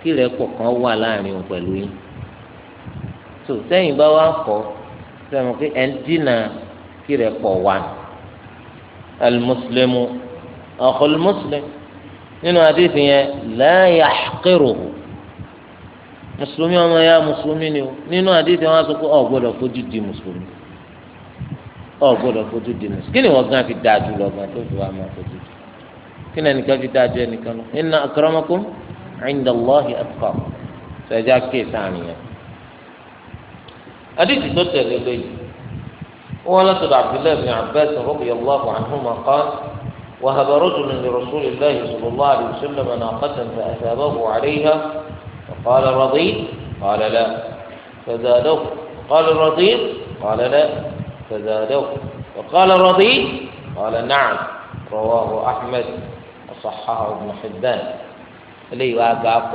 kí rẹ̀ pọ̀ kan wà láàrin òun pẹ̀lú yín so sẹ́yìn bá wà kọ́ sẹ́mi pé ẹ̀ ń dínà kí rẹ̀ pọ̀ wá alimusilimu ọ̀kọ̀lùmùsùlùmù nínú àdéhùn yẹn láàyè àkérò mùsùlùmí ọmọ ya mùsùlùmí ni o nínú àdéhùn wọn sọ pé ọ gbọ́dọ̀ fojú di mùsùlùmí ọ gbọ́dọ̀ fojú di mùsùlùmí kí ni wọn gan fi dáa jù lọ gan tó fi wà máa fojú di kí ni ẹnìkan fi dáa ẹnìkan lọ inna akramakum indallahi atqakum sọ ẹjẹ àkéésàn yẹn. حديث دوت اللي ولا تدع عبد الله بن عباس رضي الله عنهما قال وهب رجل لرسول الله صلى الله عليه وسلم ناقة فأثابه عليها فقال رضيت قال لا فزاده قال رضيت قال لا فزاده وقال رضيت قال نعم رواه أحمد وصححه ابن حبان إليه عبد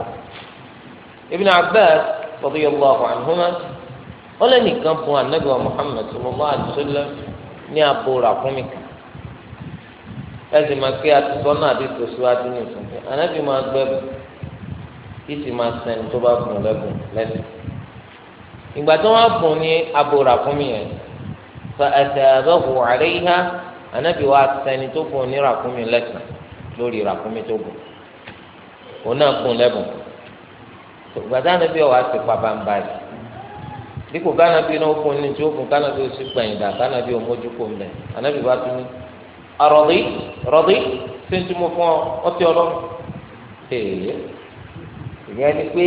ابن عباس رضي الله عنهما wọn lé nìkan bun anabi wa muhammed sallallahu alaihi wasallam ní abo ràkúnmí kan ẹsì máa pé atutọ náà ti tó síwájú ní ìsúnjẹ anabi máa gbẹbù kí sì máa sẹni tó bá bùn lẹbùn lẹsẹ ìgbà tó wọn bùn ní abo ràkúnmí yẹn fa ẹsẹ àbẹwò àlẹ yíyá anabi wa sẹni tó bùn ní ràkúnmí lẹsẹ lórí ràkúnmí tó bùn òun náà bùn lẹbùn gbàdánù bí ọwọ àti pàbàǹbà yìí dípò kánábì náà fún ní tí ó fún kánábì ó sì gbẹ̀yìn dà kánábì ó mójú kó mbẹ ànábì bá tún ní arọ̀dí rọ̀dí tí ń tí mo fún ọ ọtí ọlọ́run tèè ìyẹn ni pé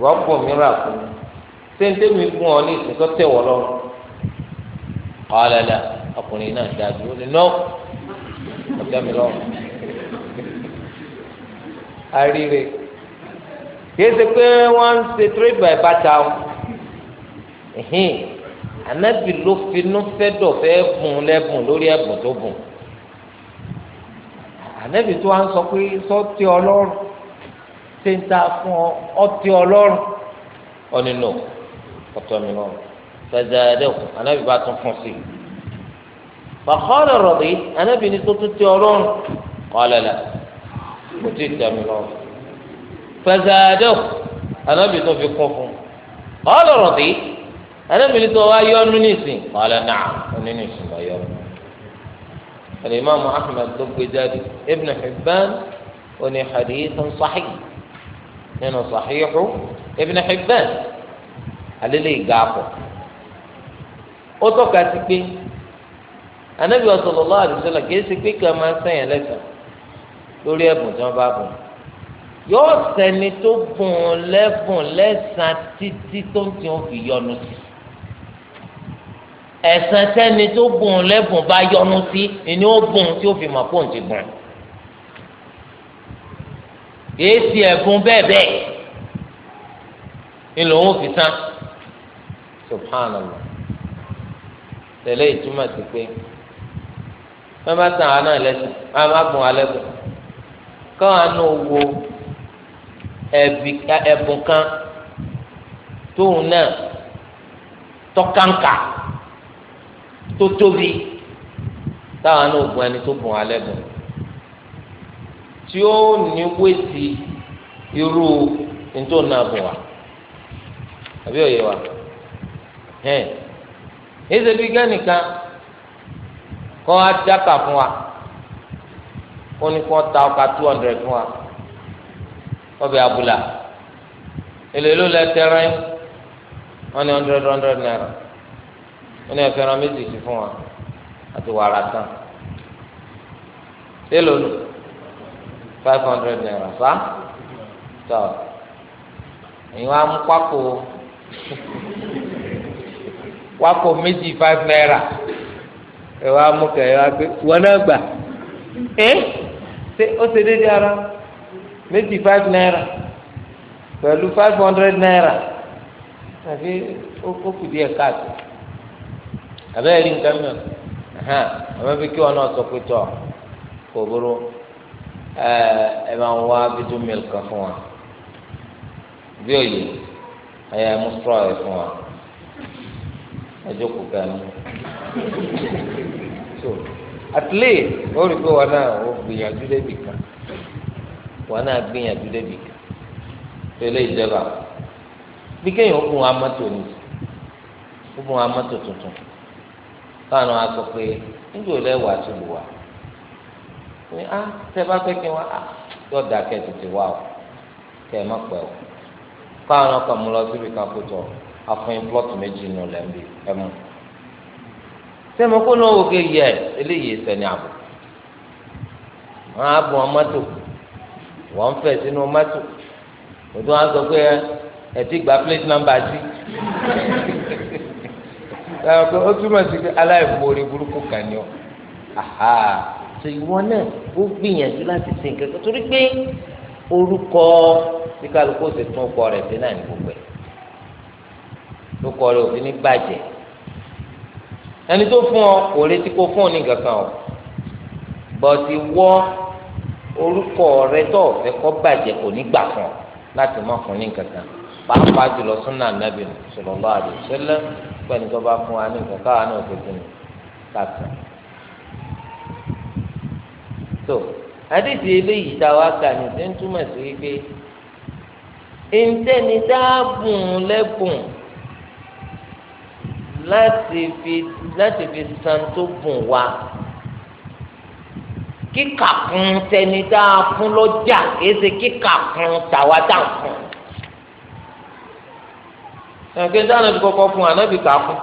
rọ́pò mìíràn fún mi tí ń tẹ́mi fún ọ ní ìsìnkọ́ tẹ̀ wọ́ lọ́rùn kọ́lẹ́lẹ́ ọkùnrin náà dájú ó ní nọ́ ọjọ́ mi lọ́rùn àríre kìí ṣe pé wọ́n ń ṣe trade by barter anabi ló finú fẹ́ dọ̀fẹ́ bùn lẹ́bùn lórí ẹ̀bùn tó bùn anabi tó wá ń sọ pé sọ́tì ọlọ́run ṣe ń ta fún ọ ọtí ọlọ́run ọ̀nì nù ọ̀tọ̀ mi lọ́rùn fẹ̀dẹ̀ẹ́dẹ́kù anabi bá tún fún sí i fàkọ́ọ̀lẹ̀ rọ̀bì anabi ni tó tún ti ọlọ́run kọ́lẹ̀lẹ̀ kò tí ì tẹ̀ mi lọ́rùn fẹ̀dẹ̀ẹ́dẹ́kù anabi tó fi kún fún kọ́ọ̀lẹ̀ rọ̀bì anábìrin tó wá yọ ọdún nìsín ọ̀lẹ́ náà ọdún nìsín lọ yọ. alimami ahmed ló gbé jáde ibn hibban oní hadithun sahih nínú sahihu ibn hibban alẹ́lẹ́ ìgbàpọ̀ ó tọ́ka sí pé anabi sallallahu alaihi wasallam kìí ṣe pé kàn máa sẹ́yìn lẹ́sàn lórí ẹ̀bùn tí wọ́n bá bùn yóò sẹ́ni tó bùn lẹ́bùn lẹ́sàn títí tó ń ti fi yọnu sí i ẹ̀san tẹ́ni tó bùn lẹ́bùn bá yọnu sí ni ó bùn tí ó fi mọ̀ pé òun ti bùn kìí ti ẹ̀bùn bẹ́ẹ̀ bẹ́ẹ̀ ni lòun ò fi tán subhanallah tẹ̀lé ìtumọ̀ sí pé wọ́n bá tàn án náà lẹ́sìn wọ́n bá bùn alẹ́ bùn káwọn àna owó ẹ̀bùn kan tóun náà tọ́kàǹkà tó tóbi táwọn náà gun ẹni tó bùn alẹ́ bùn tí ó ní wéètì irú nítorí náà bùn wá àbí òye wa hẹ́n ẹsẹ̀ bíi gánìkan kọ́ adáka fún wa ó ní kó ta ọkà two hundred fún wa ọbẹ̀ abúlà èlò èlò lẹ tẹ́rẹ́ one hundred one hundred naira wọn ní ẹfẹ ẹran méjì sí fún wa àti wàrà tán lélo nù five hundred naira fa tọ ẹ̀yin wa mú kwakò *laughs* kwakò méjì five naira ẹ wa mú kẹ ẹ wa gbé wọn náà gbà ẹ ṣe ó ṣe déédéé ara méjì five naira pẹ̀lú five hundred naira àfi ó kù díẹ̀ káàtó abẹ́rẹ́ rí nǹkan mìíràn hàn àmọ́ bí kí wọn náà sọ pé tọ̀ kò burú ẹ máa ń wá bídú milk kan fún wa bí òye ẹ̀yà mú straw ẹ̀ fún wa ẹjọ́ kò ga ni so at least ó rí pé wọn náà ó gbìyànjú débi kan wọn náà gbìyànjú débi kan tẹ́lẹ̀ ìjọba bí kéèyàn ó gun amọ́tò ni ó gun amọ́tò tuntun káwọn á sọ pé níbi ò lẹ́wà tó lù wá pé á ah, tẹ bá fẹ́ kí wọ́n á yọ̀ dà kẹ́ tètè wá o kẹ́ ẹ má pẹ́ o káwọn ọkọ̀ mú lọ síbi kan kó tọ̀ afọyín plọ́tù méjì nù lẹ́m̀bì ẹ̀ mú sẹ́mi kó náà wò ké yẹ eléyìí sẹ́ni àbò wọn á bu wọn mọ́tò wọn fẹ̀ sínú mọ́tò òtún wọn sọ pé ẹ ti gba plate number sí ẹ ó túmọ̀ sí pé aláìmoore burúkú kan ni ọ so ìwọ náà ó gbìyànjú láti sin kẹkẹ torí pé orúkọ tí kálukú ti tún ọkọ rẹ̀ sí náà ní gbogbo ẹ̀ lókọ rẹ̀ òfin ní bàjẹ́ ẹni tó fún ọ kò retí kó fún ọ ní kankan o bọ́tí wọ́ orúkọ rẹ̀ tó ọ̀fẹ́ kọ́ bàjẹ́ kò ní gbà fún ọ láti má fún ní kankan pàápàá jùlọ súnà nàbì sallallahu alaihi pẹ́ni tó bá fún wa ní nǹkan káwa náà fi kún kàkà. tó àdìsí eléyìí tá a wá kà ní ṣe ń túmọ̀ sí wípé ìǹtẹ́ni dáàbùn lẹ́bùn láti fi láti fi san tó bùn wa kíkà kún tẹni dáa fún lọ́jà kìí ṣe kíkà kún tàwa dáa fún un ẹnìkan tí anabi kọ́kọ́ fún anabi kà fún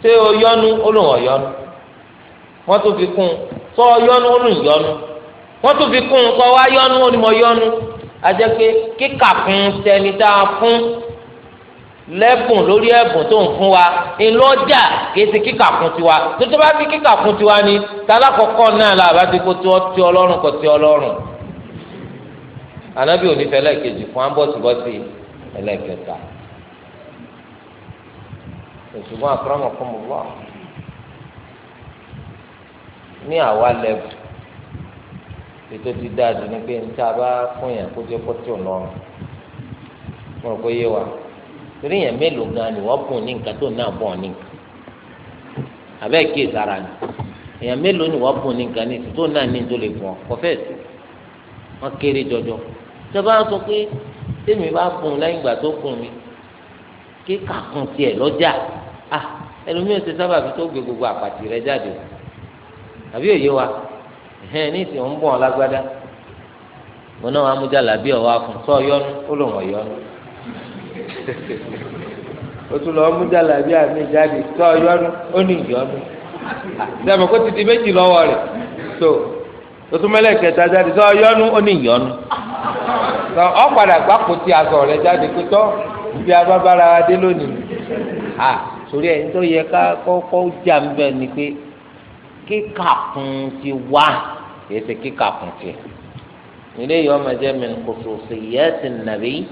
ṣé o yọnu olóhùn ọyọnu wọn tún fi kún sọ ọyọnu olóhùn yọnu wọn tún fi kún sọ wá yọnu onímọ yọnu ajẹ pé kíkà fún tẹni tá a fún lẹ́bùn lórí ẹ̀bùn tó ń fún wa ńlọ́jà kìí kíkà fún tiwa tuntun bá fi kíkà fún tiwa ni tálákọ̀ọ́kọ́ náà la bá ti kó tí ọlọ́run kò tí ọlọ́run anabi onífẹ̀lẹ́ kejì fún abọ́sibọ́sì ẹlẹ́ẹ̀kẹta òṣùgbọ́n àkọ́rọ́mọ̀ fún mi wá ní àwa lẹ́bù ètò ti dáa jù ní pé níta bá fún yẹn kó jẹ́ pọ́tì ọlọ́run mo rò pé yé wa torí yẹn mélòó gan ni wọ́n bùn ní nǹkan tó náà bọ̀ ní nǹkan àbẹ́ kí ìsara ni èèyàn mélòó ni wọ́n bùn ní nǹkan ní tó náà ní tó lè ọ kọfẹ́ wọ́n kéré jọjọ ìjọba sọ pé tèmi bá kùn lẹ́yìn ìgbà tó kùn mi kíkà kùn tiẹ̀ lọ́jà à ẹlòmíràn ti sábà fi tó gbé gbogbo àpàtì rẹ̀ jáde àbí òye wa ẹ̀hẹ́n ní ìsìn ń bọ̀ ọ́ lágbádá mo náà amújà làbí ọ̀wá fún sọ yọnu ó lò wọ́n yọnu o tún lọ amújà làbí àmì jáde sọ yọnu ó ní ìyọnu sẹ́mi kó ti di méjì lọ́wọ́ rẹ̀ so o tún mẹ́lẹ̀ kẹta jáde sọ yọnu ó ní ìyọnu ọ padà gbà kó ti azọ rẹ jáde pé tọ ibi abábára dé lónìí à sórí ẹni tó yẹ ká kọ́kọ́ jà ń bẹ̀ ni pé kíkà kún ti wá kìí ṣe kíkà kún ti ilé yìí ọmọ jẹ́ min khususiyyati nàbí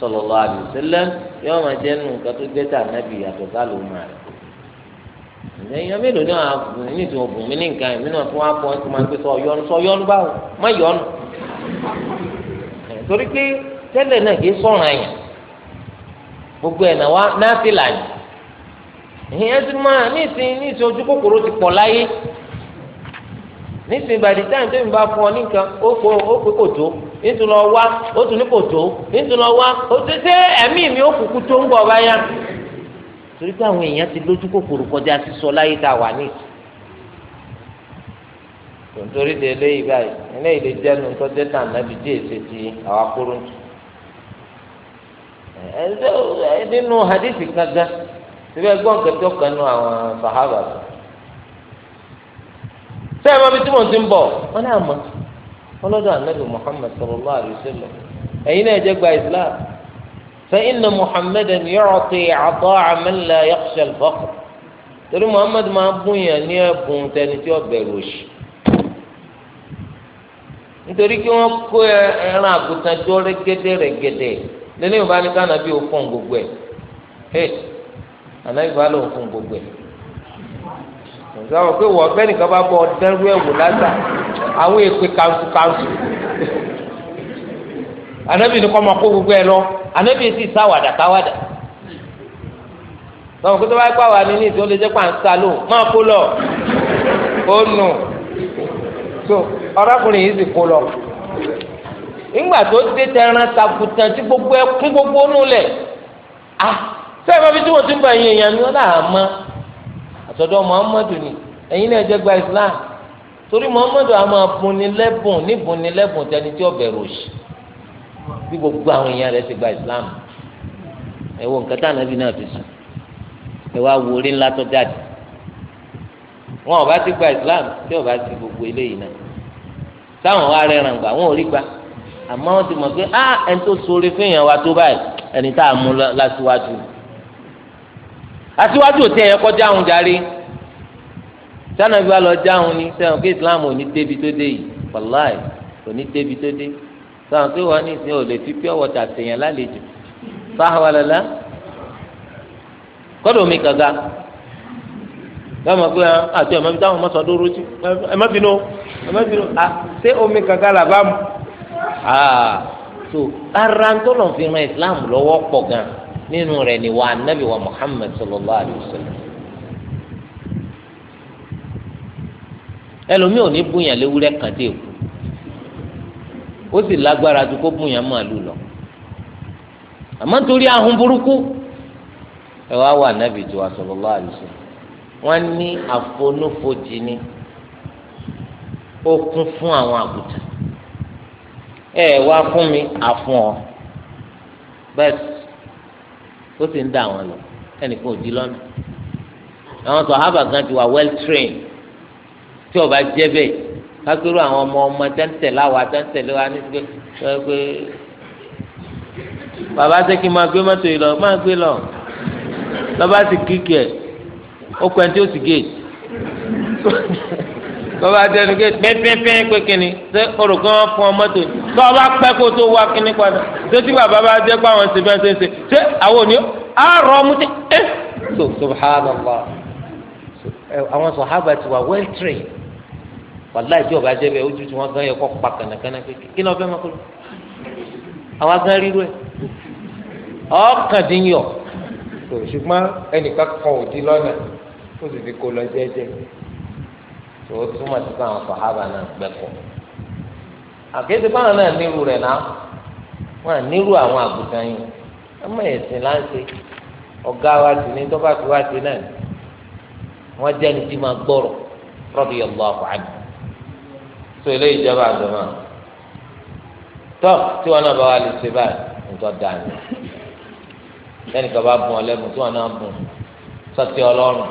sallallahu alaihi wasallam yìí ọmọ jẹ́ nù nǹkan tó jẹ́ tà nàbí yàtọ̀ sálò máa rẹ̀ ẹ̀yìn mélòó ni àwọn àgùn ní ìtàn ògùn mi ní nǹkan ẹ̀mí náà tó wá pọ̀ ẹ̀ tó máa ń sọ ọ̀yọ́nu sọ ọ̀yọ́nu báwo má yọ̀ọ́nu. torí pé tẹ́lẹ̀ náà kì í sọ̀rọ̀ àyàn gbogbo ẹ̀ náà wá náà sì là yìí ìyẹn ti máa ní ìsìn ní ìsìn ojú kòkòrò ti pọ̀ láyé ní ìsìn ìbàdí táyà tó ń fún ọ nìkan ó kó ó pé kò tó nítorí lọ wá ó tún ní kò ti ṣe ẹ̀mí mi ó kúkú tó ń bọ̀ báyà torí pé àwọn èèyàn ti lójú kòkòrò kọjá sọ láyé tá a wà ní tòǹtòrí de eléyìí báyìí eléyìí lè jẹ́ nǹkan tó tà nábì dé èsè ti àwọn akóròǹtù. nínú hadithi kankan síbẹ̀ gbọ́n kẹ́tọ́ kan nínú àwọn sàhábà rẹ̀. sẹ́yìn mọ́bi tí mo ti ń bọ̀ wọ́n náà mọ̀ wọ́n lọ́dọ̀ anábì muhammed sallallahu alayhi wa sallam ẹ̀yin náà jẹ́ gba islam fẹ́yìn muhammed ni yọ̀rọ̀ pé àtọ́ àmẹ́lẹ̀ yọ̀ṣẹ̀ lọ́kọ̀ torí muhammed máa bùn yàn ní ẹ̀bùn tẹni tí ó òṣì nítorí kí wọ́n kó ẹran àgùntàn jọ rẹ́gẹ́dẹ́ rẹ́gẹ́dẹ́ lẹ́nu ìbá ní ká nàbí ó fún gbogbo ẹ̀ ẹ̀ ànábì bá lòun fún gbogbo ẹ̀ sọ pé wọ́n bẹ́ẹ̀ nìkan bá bọ̀ ọ̀dẹ́rú ẹ̀wò lásà àwọn èpè kanṣu kanṣu ànábì ní kọ́ máa kó gbogbo ẹ̀ lọ ànábì sì sáwàdà káwàdà sọ pé tó bá pàwọn ní ní ìtòlẹ́jẹ́ pàǹsá lò máa kó lọ ó nù. so ọ̀rọ̀kùnrin yìí sì kó lọ nígbà tó gbogbo ẹ kún gbogbo nù bá fi tí ti ń bá yẹn yẹn ni wọ́n náà muhammadu ni ẹ̀yin náà gba islam torí muhammadu a máa bunni lẹ́bùn tẹni tí ó bẹ̀rù bí gbogbo àwọn èèyàn ti gba islam ẹ wo nǹkan táwọn wá rẹran gbà wọn ò rí gbà àmọ́ wọ́n ti mọ̀ pé ah ẹni tó sóore fún èèyàn wa tó báyìí ẹni tá a mú lásìwájú aṣíwájú òtí ẹ̀yẹ kọjá àwọn darí sanabi wa lọ já àwọn ní sẹ́wọ̀n kí Islam ò ní débi tó dé yìí wàláì ò ní débi tó dé sọ̀rọ̀ pé wọ́n ní ìsìn ò lè fi pure water sèyàn lálejò sáà wà lọ́la kọ́dọ̀ mi lọ́mọ pé ah, àti ọmọ bíi táwọn ọmọ sọ dóró tí ẹ má bínú ẹ má bínú à ah, ṣé omi kankan là bá mu àà ah, tó ara ń tọ́lọ̀ fi ran Islam lọ́wọ́ pọ̀ gan nínú rẹ̀ ni wà nábì wa Muhammad sallallahu alayhi wa sallam ẹlòmíì ò ní bùyàn léwúrẹ́ kan dé o ó sì lágbára ju kó bùnyàn màálù lọ àmọ́ nítorí ahun burúkú ẹ wá wà nábì tí wà sallallahu wọ́n ní àfonúfojì ni ó kún fún àwọn àgùntàn ẹ wá fún mi àfún ọ bẹ́ẹ̀ ó sì ń dá àwọn lọ ẹnìkan ò di lọ́nà àwọn tó harvard gan ti wà well trained tí ó bá jẹ́ bẹ́ẹ̀ àwọn ọmọ ọmọ tẹ́ńtẹ̀ láwa tẹ́ńtẹ̀ lọ́wọ́ ní pé pé bàbá sẹ́kì máa gbé mọ́tò yìí lọ máa gbé lọ lọ́ba sì kíkì ẹ̀ ó pẹ́ tí ó sì géètì tọ́ba dẹnu géètì pẹ́ẹ́pẹ́ẹ́pẹ́ pé kínní ṣé orò kí wọ́n fún ọ mọ́tò tọ́ba pẹ́ kó tó wá kínní padà ṣé tí bàbá bá jẹ́ pé àwọn ṣe fẹ́ẹ́ ṣe ṣe àwọn òní àárọ̀ ọmú tẹ ẹ́ so subhanallah àwọn sọ̀hábà ti wà well trained wàláì tí ọba jẹ́bẹ̀ ojú tí wọ́n gan yẹ kọ́ pa kànákànná kékeré kí ni wọ́n fẹ́ máa kọ́ àwọn agán rírú ẹ̀ ọ̀kàndínyọ̀ ṣùgbọ́n ẹnìkan kan ò lọ́nà ó sì fi kó lọ jẹ́jẹ́ tó o túmọ̀ sí pé àwọn sàhábà náà gbẹ̀kọ̀ àkéde báwọn náà nírú rẹ̀ náà wọn à nírú àwọn àgùntàn yìí ọmọ ẹ̀sìn láǹṣe ọ̀gá wa sì ní tọ́ba tí wá sí náà wọ́n jẹ́ ní tí máa gbọ́rọ̀ radiyallahu anhu tó ilé ìjọba àgbọ̀mọ́ tọ́ tí wọn náà bá wà lè ṣe báyìí nǹkan dáa ni lẹ́nìkan bá bùn ọ lẹ́bùn tí wọn náà bùn sọ́tì ọlọ́run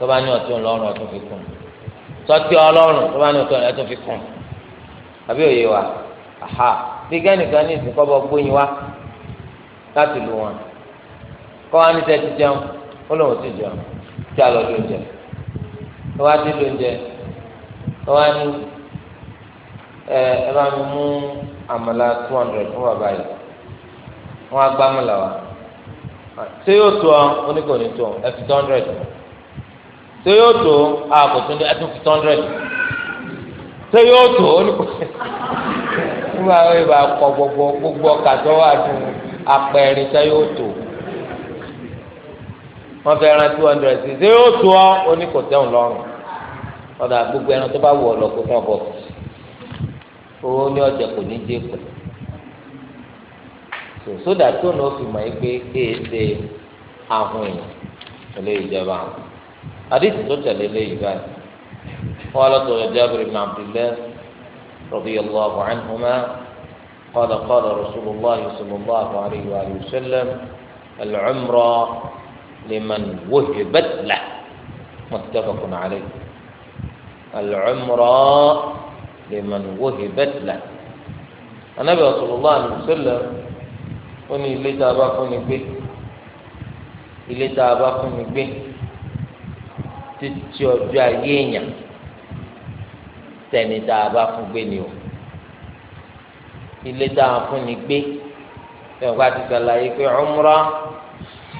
tó bá ní ọ̀tún lọ́rùn ọ̀tún fi kún sọtí ọlọ́run tó bá ní ọ̀tún ọ̀tún fi kún àbí òye wa aha bí gẹ́nìkan ní ìsìnkọ́ bọ gbóyin wá láti lu wọn kọ́ wa ní sẹ́ ti jẹun ó lóun ti jẹun tí a lọ ló ń jẹ tó wá dé ló ń jẹ tó wá ní ẹ ẹ bá mi mú àmàlà two hundred fún bàbá yìí wọn á gbá mọ́là wa ṣé yóò tó ọ oníkò ní tó ẹ fi two hundred ṣé yóò tó ààbò tó ń dé ẹtún fi tọ́ndrẹ́d ṣé yóò tó ó ní kò sí. nígbà wo ibà kọ gbogbo gbogbo kàtọ́ wà fún apẹ̀rin ṣé yóò tó wọ́n fẹ́ ran two hundred sí ṣé yóò tó ọ́ ó ní kò tẹ́hùn lọ́rùn ọ̀dà gbogbo ẹran tó bá wù ọ́ lọ kó tán bọ̀ owó ní ọjà kò ní dé pẹ̀lú sòsódà tó náà fi mọ̀ ẹ́ pé kéèké ahùn èèyàn ilé ìjọba àwọn àdìsí tó tẹ̀lé léyìí báyìí wọn alọ́tọ̀ rẹ̀ Jabir ibn Abdillah radiyallahu anhuma qala qala rasulillah sallallahu alayhi wa sallam al-umra liman wuhibat lah muttafaqun alayhi al-umra liman wuhibat lah anabi sallallahu alayhi wa sallam ó ní ilé tá a bá fún ni gbé ilé tá a bá fún ni gbé títí ọjọ́ ayé èèyàn tẹni tá a bá fún gbé ni o ilé tá a fún ni gbé ẹ wá ti sàlàyé pé ọmúra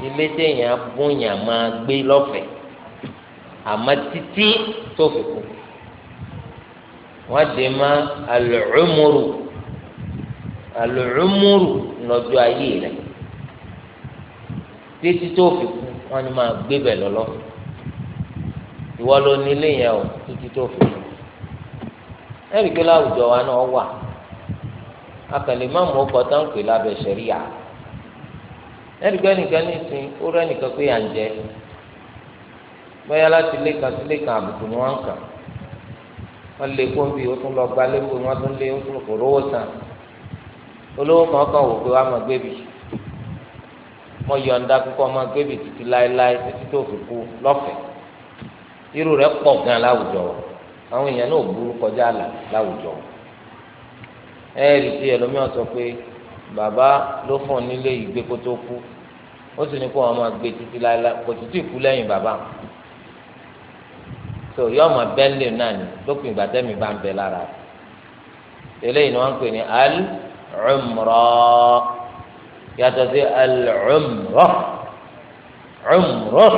ilé téèyàn bóyàn máa gbé lọ́fẹ̀ẹ́ àmọ́ títí tó fi kú wọ́n dè má alùmùrù alùmùrù lọ́jọ́ ayé rẹ̀ títí tó fi kú wọ́n ní máa gbé bẹ̀ lọ́lọ́fẹ̀ẹ́. ìwọ ló ní ilé yẹn o títí tó fi ẹ̀rí pé láwùjọ wa náà wà akàlè má mú abe tán pè lábẹ́ sẹ̀ríyà ẹ̀rí pé nìkan ní ìsìn ó rẹ́ nìkan pé à ń jẹ bóyá láti ilé kan sí ilé kan àbùkù ni wọ́n ń kàn wọ́n lé kóńbì ó tún lọ gba lẹ́kọ̀ọ́ tún lé títí láéláé títí tó fi kú irú rẹ̀ pọ̀ gan láwùjọ wa àwọn èèyàn náà burú kọjá àlà láwùjọ wa ẹ rí i ti ẹlòmíràn sọ pé bàbá ló fún nílé ìgbé kó tó kú ó sì ní kó wọn máa gbé títí láéláé kò títí kú lẹ́yìn bàbá tó yọ ọmọ bẹ́ńlẹ̀ náà ni lópin ìgbà tẹ́mi bá ń bẹ lára eléyìí ni wọ́n ń pè ní al-umra sí al-umra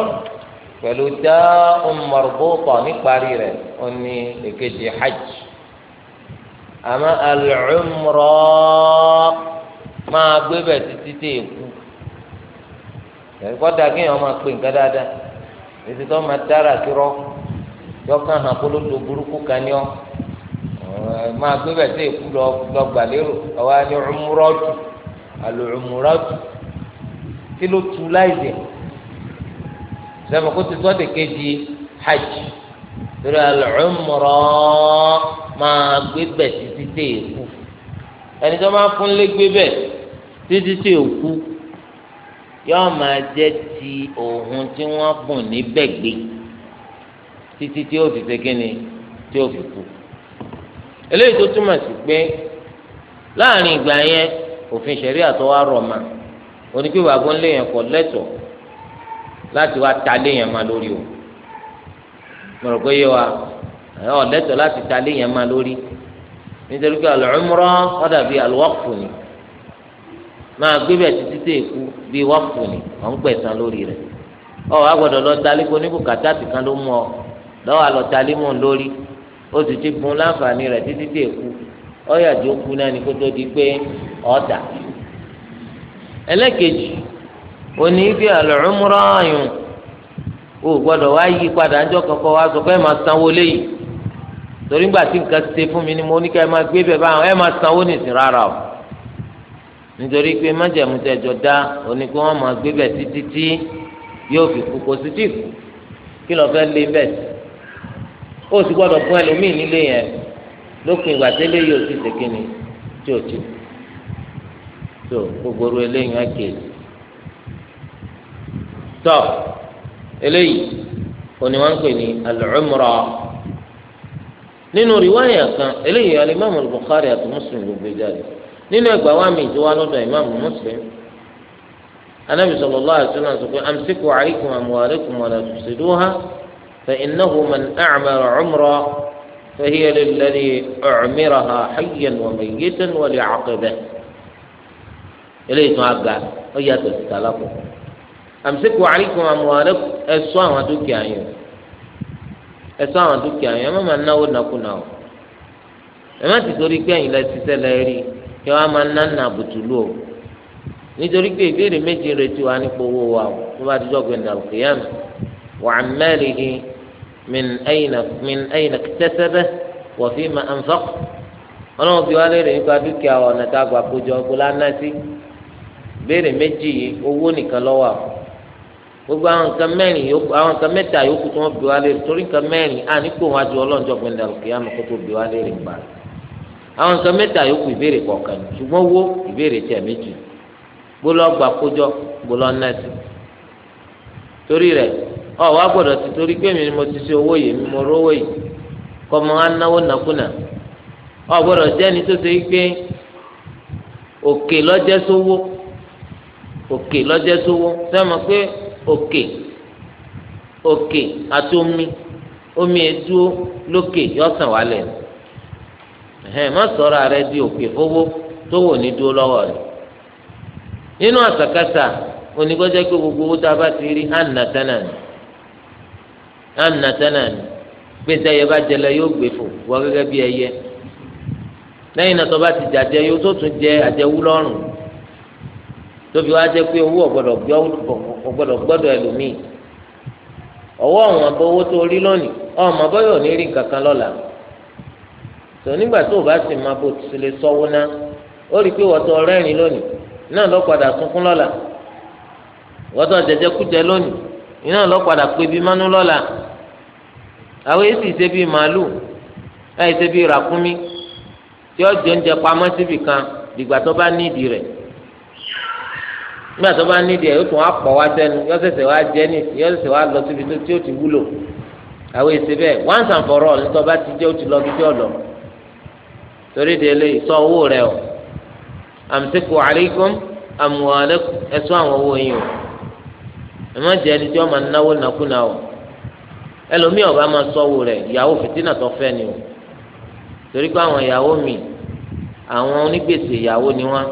pẹ̀lú dáhùn mọ̀rọ̀bọ̀tọ̀ níparí rẹ̀ ó ní èkejì hajj àmọ́ al máa gbé bẹ̀ títí tẹ̀ kú ẹ̀kọ́ dàgé yẹn wọ́n máa pè nǹkan dáadáa èsì tó máa dára kírọ́ yọkàn hàn kólódó burúkú kan ní máa gbé bẹ̀ tẹ̀ kú lọ gbàlérò ọ̀wá ni sẹ́fọ̀ kó ti tọ́ de kejì hajj torí al-umra máa gbé bẹ̀ títí tẹ̀ èkú ẹni tó máa fún lé gbé bẹ̀ títí tẹ̀ èkú yóò máa jẹ́ ti òun tí wọ́n bùn níbẹ̀ gbé títí tí ó fi ṣe ni tí ó fi kú eléyìí tó túmọ̀ sí pé láàrin ìgbà yẹn òfin ṣẹ̀ríà tó wá rọ̀ ma onípìwàgbọ́n lè yẹn kọ́ lẹ́tọ̀ọ́ láti wá talé yẹn ma lórí o mo rò pé yé wa ọ̀ lẹ́tọ̀ láti talé yẹn ma lórí nítorí pé al-umra ó dà ni máa gbé bẹ́ẹ̀ títí tẹ̀ kú bí waqfu ni ọ̀ ń gbẹ̀sán lórí rẹ̀ lọ ọ talé lórí ó sì ti gun láǹfààní títí náà ni kó tó di pé òní bí àlùmúrà àyùn o gbọdọ wá yí padà ńjọ́ kankan wá sọ pé ẹ máa sanwó léyìí torí ńgbà tí nǹkan ṣe fún mi ni mo ní ká ẹ máa gbé ẹ máa sanwó nìsín rárá o nítorí pé dá pé máa gbé títí tí yóò fi kú kó fún ẹlòmíì nílé yẹn lópin ìgbà ti tí ti gbogbo tọ́ eléyìí òní wọn ń pè ní al-umra nínú riwaya kan eléyìí alimami Bukhari àti Muslim ló gbé jáde nínú ẹgbàá wa mi ìjọba lọ́dọ̀ imaamu Muslim anabi sallallahu alaihi wasallam sọ pé amsiku alaykum amwalakum wa la tufsiduha fa innahu man a'mara umra fa hiya lilladhi u'miraha wa mayyitan wa li'aqibihi eléyìí tún á ó yàtọ̀ sí tàlákùn àmísẹ́kù àríkùn àmúhàrẹ́ ẹ̀sọ́ àwọn dúkìá yẹn ẹ̀sọ́ àwọn dúkìá yẹn ẹ̀ má náwó nàkúnà o ẹ̀ má ti torí pé ẹ̀yin lẹ ṣiṣẹ́ lẹ rí kí wọ́n á máa ná nà bùtùlù o nítorí pé ìbéèrè méjì retí wa nípa owó wa o tó bá dijọ́ gbé nà òkèèyàn wà á mẹ́rin hi min ẹ̀yin kẹsẹ́bẹ́ wọ́n fi máa ń fọ́k ọlọ́run fi wá léèrè nípa dúkìá ọ̀nà tá a gbà kójọ ọgbó gbogbo àwọn nǹkan mẹ́rin yòókù àwọn nǹkan mẹ́ta yòókù tí wọ́n bí wá torí nǹkan mẹ́rin à ní kó wọn ju ọlọ́njọ́ gbẹ̀ndà òkè àmọ́ kó tó bí wá lé ń bá rẹ̀ àwọn nǹkan mẹ́ta yòókù ìbéèrè kọ̀ọ̀kan ṣùgbọ́n wo ìbéèrè tiẹ̀ méjì gbólọ́ gbà kójọ gbólọ́ nẹ́ẹ̀sì torí rẹ̀ wá gbọ́dọ̀ ti torí pé mi mo ti ṣe owó yìí mo rówó yìí kọ́ mọ́ anáwó nàkúnà òkè òkè àti omi omi ẹdúró lókè yọsàn wálẹ̀ ẹhẹn má sọ̀rọ̀ ààrẹ di òkè owó tó wò ní dúró lọ́wọ́ rẹ̀ nínú àsàkásà onígbọ́jẹ́ pé gbogbo owó tá a bá ti rí ànàtánà ni ànàtánà ni gbèsè ẹyẹ bá jẹlẹ yóò gbé fò wọ gẹ́gẹ́ bí ẹyẹ lẹ́yìn náà tó bá ti jàjẹ yóò tó tún jẹ àjẹwú lọ́rùn tóbi wá jẹ́ pé owó ọ̀gbọ́dọ̀ gbé ọ̀gbọ́dọ̀ gbọ́dọ̀ ẹlòmíì ọwọ́ àwọn ọba owó tó rí lónìí ọmọ bọ́yọ̀ ní rí tó nígbà tó o bá sì máa bó ti lè sọ́wọ́ ná ó rí pé wọ́tọ̀ rẹ́rìn lónìí náà lọ́ padà sunkún lọ́la wọ́tọ̀ jẹjẹ kújẹ lónìí iná lọ́ padà pé mánú lọla àwọn èsì ṣe bíi màálù bíi tí ó jẹ oúnjẹ pamọ́ kan dìgbà tó bá ní nígbà tó bá nídìí ẹ̀ yóò tún wá pọ̀ wá sẹ́nu yóò ṣẹ̀ṣẹ̀ wá jẹ́ ní yóò ṣẹ̀ṣẹ̀ wá lọ síbi tí ó ti wúlò àwọn èsì bẹ́ẹ̀ once and for all nítorí bá ti jẹ́ ó ti lọ bíbí ọ̀lọ́ torí délé sọ owó rẹ o àmísíkù àríkùn àmùhàlẹ́ ẹ̀sùn àwọn owó yìí o ẹ má jẹ́ ẹni tí wọ́n máa náwó nàkúnà o ẹlòmíì ọba máa sọ owó rẹ ìyàwó fìtínà tó fẹ́ ni o torí pé àwọn ìyàwó mi àwọn onígbèsè ìyàwó ni wọ́n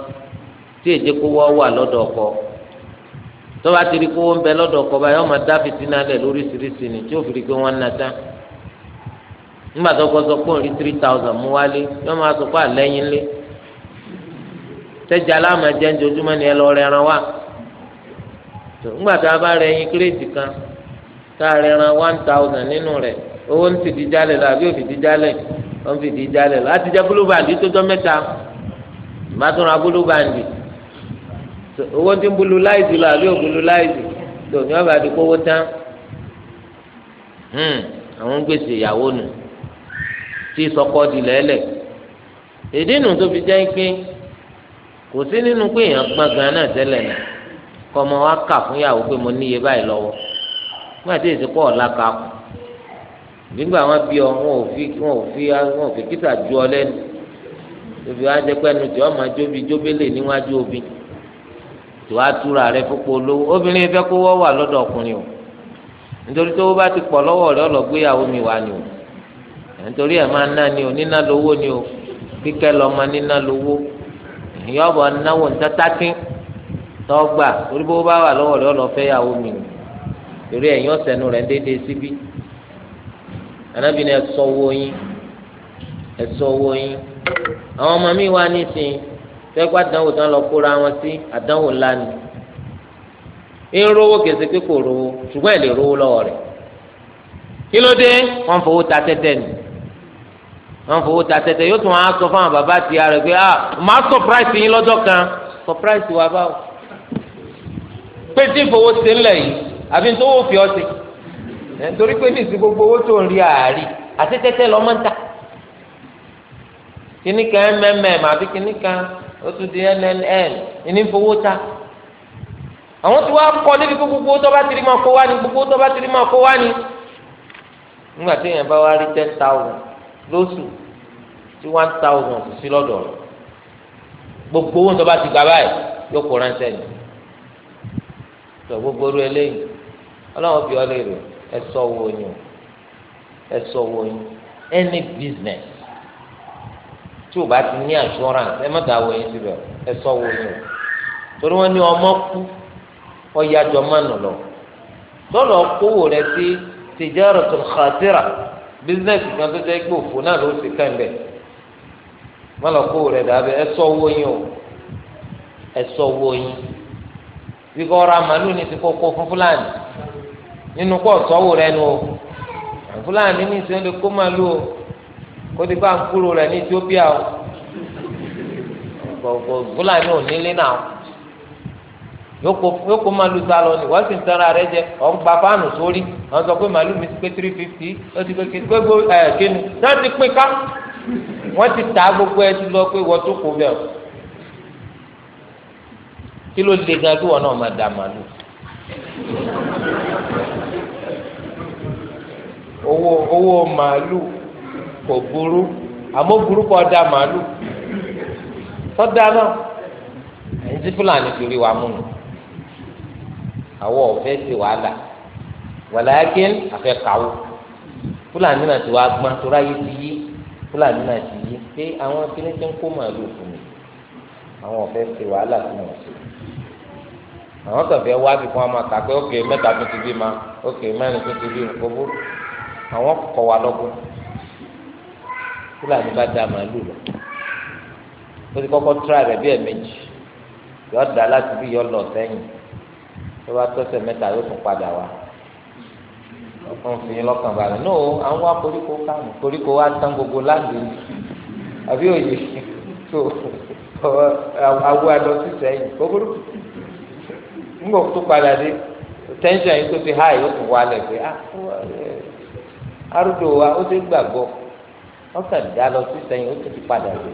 tí èdè kówó wà lọ́dọ̀ ọkọ tọ́ba ti rí kówó ń bẹ lọ́dọ̀ ọkọ báyọ̀ ọmọ dá fìtínà lẹ̀ lóríṣiríṣi ni tí ó fi rí pé wọ́n na tán nígbà tó kọ́ sọ pé òun rí three thousand mú wálé yọ máa sọ pé àlẹ́yìn lé tẹ́jà aláàmà jẹ́ ojoojúmọ́ ni ẹ lọ rẹ ẹran wá nígbà tá a bá rẹ ẹyin kírètì kan tá a rẹ ẹran one thousand nínú rẹ owó ń fìdí jálẹ̀ lọ àbí òfìdí jálẹ̀ ó ń fìdí jálẹ̀ lọ àtijọ́ gúlúbàndì tó jọ mẹ́ta ìbátan ra owó tí ń bulu láìsí lọ àbí òbulu láìsí tó ní ọba àdìpọ̀ owó tán hmm, àwọn gbèsè ìyàwó nù tí sọkọ di lẹ́lẹ̀ èdè nù tó fi jẹ́ pé kò sí nínú pé èèyàn gbọ́n gan náà tẹ́lẹ̀ náà kọ́ ọmọ wa kà fún ìyàwó pé mo níye báyìí lọ́wọ́ fún àti ìsìnkú ọ̀la ka kù nígbà wọn bí ọ wọn ò fi wọn ò fi wọn ò fi kíta ju ọ lẹ́nu tóbi wá jẹ́ pé ẹnu tí ọmọ ajóbi jóbélé níwájú obìnrin tó wá túra rẹ fúnpọ̀ olówó obìnrin yẹn fẹ́ kó wọ́ wà lọ́dọ̀ ọkùnrin o nítorí tó bá ti pọ̀ lọ́wọ́ rẹ ọlọ́gbéyàwó mi wà ni o nítorí ẹ̀ máa ná ni o níná lówó ni o kíkẹ́ lọ́mọ níná lówó ìyọ́bọ̀ náwó níta tọ́gbà torí bó bá wà lọ́wọ́ rẹ ọlọ́fẹ́yàwó mi ni torí ẹ̀yin ọ̀sẹ̀nu rẹ̀ ń síbí anábìnrin ẹ̀ sọ owó yín àwọn ọmọ mi wá nísìnyí tẹ́gbà dánwò tán lọ kóra wọn sí àdánwò ńlá ni ń rówó kèsì pé kò rówó ṣùgbọ́n ẹ̀ lè rówó lọ́wọ́ rẹ̀ kí ló dé wọ́n fowó ta tẹ́tẹ́ ni wọ́n fowó ta tẹ́tẹ́ yóò tún wọn á sọ fún àwọn bàbá àti ìyá rẹ̀ pé ah màá surprise yín lọ́jọ́ kan surprise wa báwo pé tí fowó ṣe ńlẹ̀ yìí àbí tó wò fi ọ́ sí torí pé ní ìsìn gbogbo owó tó ń rí àárí àti tẹ́tẹ́ lọ́mọ́ ń ta kíníkan mẹ́mẹ́ màbí kíníkan ó tún di nnl ìní fowó ta àwọn tí wàá kọ níbi kó gbogbo tó bá tiri máa kó wá ní gbogbo tó bá tiri máa kó wá ní. nígbà tí èèyàn bá wá rí ten thousand lóṣù tí one thousand kò sí lọ́dọ̀ rẹ̀ gbogbo owó tó bá ti gbà báyìí yóò kó ránṣẹ́ ni tó gbogbo orú eléyìí ọlọ́run bí ọ lè rò ẹ sọ owó yín ẹ sọ owó yín any business tí o bá ti ní assurance ẹ má da wo yín síbẹ̀ ẹ sọ wo yín o torí wọn ní ọmọ kú ọyàjọ mánu lọ tọ́lọ̀ kówó rẹ sí tijaratul khatira bísínẹ́sì kan tó jẹ́ pé òfò náà ló ti kàn bẹ̀ má kówó rẹ dàbẹ̀ ẹ sọ wo yín o ẹ sọ wo yín bíkọ́ ọ̀rọ̀ àmàlù ní ti kókó fún fúlàní nínú kó ọ̀sọ́wò rẹ nu o fúlàní ní ìsìn kó màlúù o kó ti bá ń kúrò rẹ̀ ní Ethiopia o gbogbo fúlàní ò nílé náà yóò kó màlúù sá lọ ní wọ́n sì ń tẹ́ra rẹ jẹ ọ̀ ń gba fáànù sórí wọ́n sọ pé màlúù mi ti pé three fifty ó ti pé gbogbo ẹ̀ kíni náà ti pín ká wọ́n ti ta gbogbo ẹ ti lọ pé wọ́n tó kó bẹ́ẹ̀ o kí ló le gan kí wọn náà máa da màlúù owó owó kò burú àmọ́ burú kọ́ da màálù tọ́da náà ẹni tí fúlàní torí wa mú nù àwọn ọ̀fẹ́ ti wàhálà wàlàákín àfẹ́ kàwó fúlàní náà ti wá gbọ́n torí ayé ti yí fúlàní náà ti yí pé àwọn kíní tí ń kó màálù fún mi àwọn ọ̀fẹ́ ti wàhálà fún wọn sí àwọn kàfẹ́ wá bí fún wa máa kà pé ókè mẹ́ta tó ti bí ma ókè mẹ́rin tó ti bí ma bó àwọn kọ̀ wá lọ́gbọ́n fúlàní bá da màálù lọ ó ti kọ́kọ́ tíra rẹ̀ bí ẹ̀mejì yọ da láti bí yọ lọ sẹ́yìn tó bá tọ́sẹ̀ mẹ́ta yóò tún padà wá wọ́n fi lọ́kàn balẹ̀ no àwọn wa koríko kánù koríko wa tán gbogbo láàbì àbí òye tó awo adọ sí sẹ́yìn kókóró ńgbọ tó padà dé tẹ́ńsán yìí tó ti háì yóò tún wálẹ̀ pé ah, eh, arúgbó wa ó ti gbàgbọ́. ọkàn dá lọ sí sẹ́yìn ó tún ti padà dé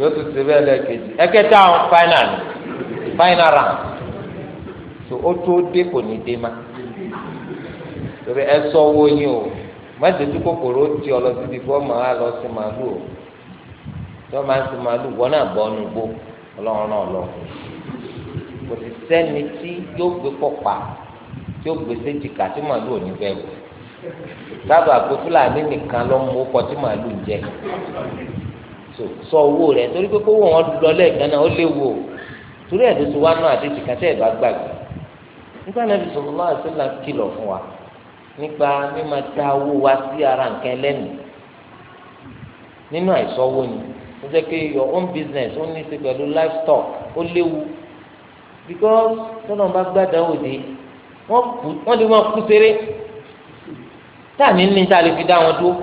yóò tún ti bẹ́ẹ̀ lẹ́ẹ̀kejì ẹ̀kẹta àwọn final final round tó tó dé kò ní dé torí wo o mọ́tòtú kòkòrò ti o tí wọ́n máa ń sí màálù wọ́n náà bọ́ ọ́nù gbó náà lọ kò sì tí yóò gbé tí yóò gbé tí màálù ò ní wò. sábà pé fúlàní nìkan ló ń mú màálù jẹ sọ owó rẹ torí pé kówó wọn lọ lẹ́ẹ̀kan náà ó léwu o torí ẹ̀ tó ti wá náà àdéhùn kàtẹ́ ẹ̀ bá gbàgbé nígbà náà bíi sọ̀rọ̀ máa ṣẹlẹ̀ fún wa nípa mímọ ta owó wa sí ara nǹkan nínú ni ó jẹ́ pé your own business ó ní í ṣe livestock ó léwu because bá wọ́n lè máa kú séré táàní ní tá a lè fi dá wọn dúró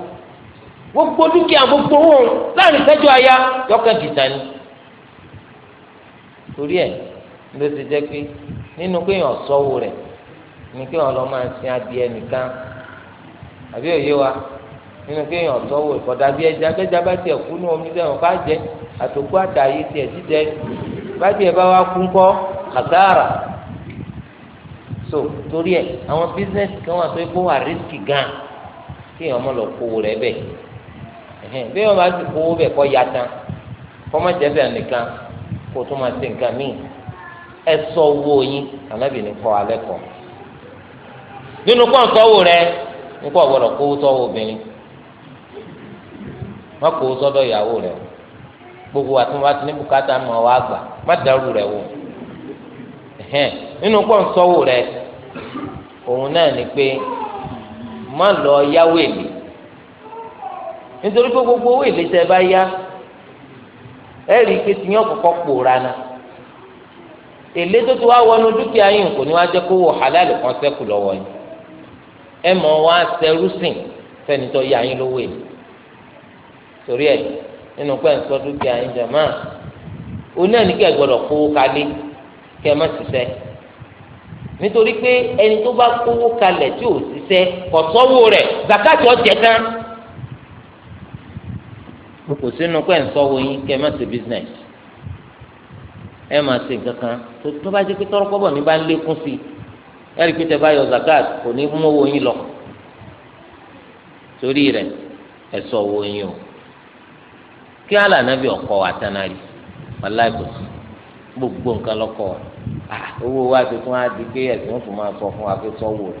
gbogbo dúkìá gbogbo owó láàrin ìṣẹ́jú àyà yọkàn dìtà ni torí ẹ̀ ló ti jẹ́ pé nínú kéèyàn sọ́wọ́ rẹ̀ ní kéèyàn lọ máa sin adìẹ nìkan àbí òye wa nínú kéèyàn sọ́wọ́ ìkọ̀dà bí ẹja kẹja bá tiẹ̀ kú ní omi dẹ́wọ̀n bá jẹ àtòkú àtàyè tiẹ̀ jíjẹ bá tiẹ̀ bá wá kú ńkọ́ kàtàrà so torí ẹ̀ àwọn bísíǹsì kan wà tó kó wà rísíkì gan kí èèyàn mọ̀ lọ kówó rẹ̀ bẹ̀ bí wọ́n bá ti kówó bẹ̀ ya tán k'ọ má jẹ́ bẹ̀ nìkan kó tó máa ṣe nǹkan míì ẹ sọ yín ní nínú kọ́ńtọ́wò rẹ̀ nípa ọ̀gbọ́dọ̀ kówó sọ́wọ́ obìnrin má kó sọ́dọ̀ ìyàwó o gbogbo wa tí wọn bá ti ní mọ wa má lọ yáwó èlé nítorí pé gbogbo owó èlé tẹ bá yá ẹ rí i pé tiyàn kọ́kọ́ pòórá na èlé tó ti wá wọnú dúkìá yìí kò ní wá jẹ́ kó wọ halal kan ṣẹ́kù lọ́wọ́ yìí ẹ mọ̀ wá sẹ́rúsìn fẹ́ni tó yá yín lówó èlé torí ẹ nínú pẹ́ǹsọ́ dúkìá yín jẹ̀ máa oní ẹni kẹ́ gbọ́dọ̀ kówó kalẹ̀ kẹ́ má ṣiṣẹ́ nítorí pé ẹni tó bá kówó kalẹ̀ tí ò sí sẹ kọsọwó rẹ zakati ọjẹ tán o kò sínú pé nsọwó yín kẹ ẹ má ṣe business ẹ má ṣe kankan tó bá jẹ pé tọrọ kọ́bọ̀ ní bá ń lékún sí i ẹ rí i pé tẹ bá yọ zakati kò ní mú owó yín lọ torí rẹ ẹ owó yín o kí alànàbì ọkọ àtànàrí wàláì kò sí gbogbo nǹkan lọ́kọ ah, owó wa ti fún wa di pé ẹsìn fún wa sọ fún wa pé sọ rẹ.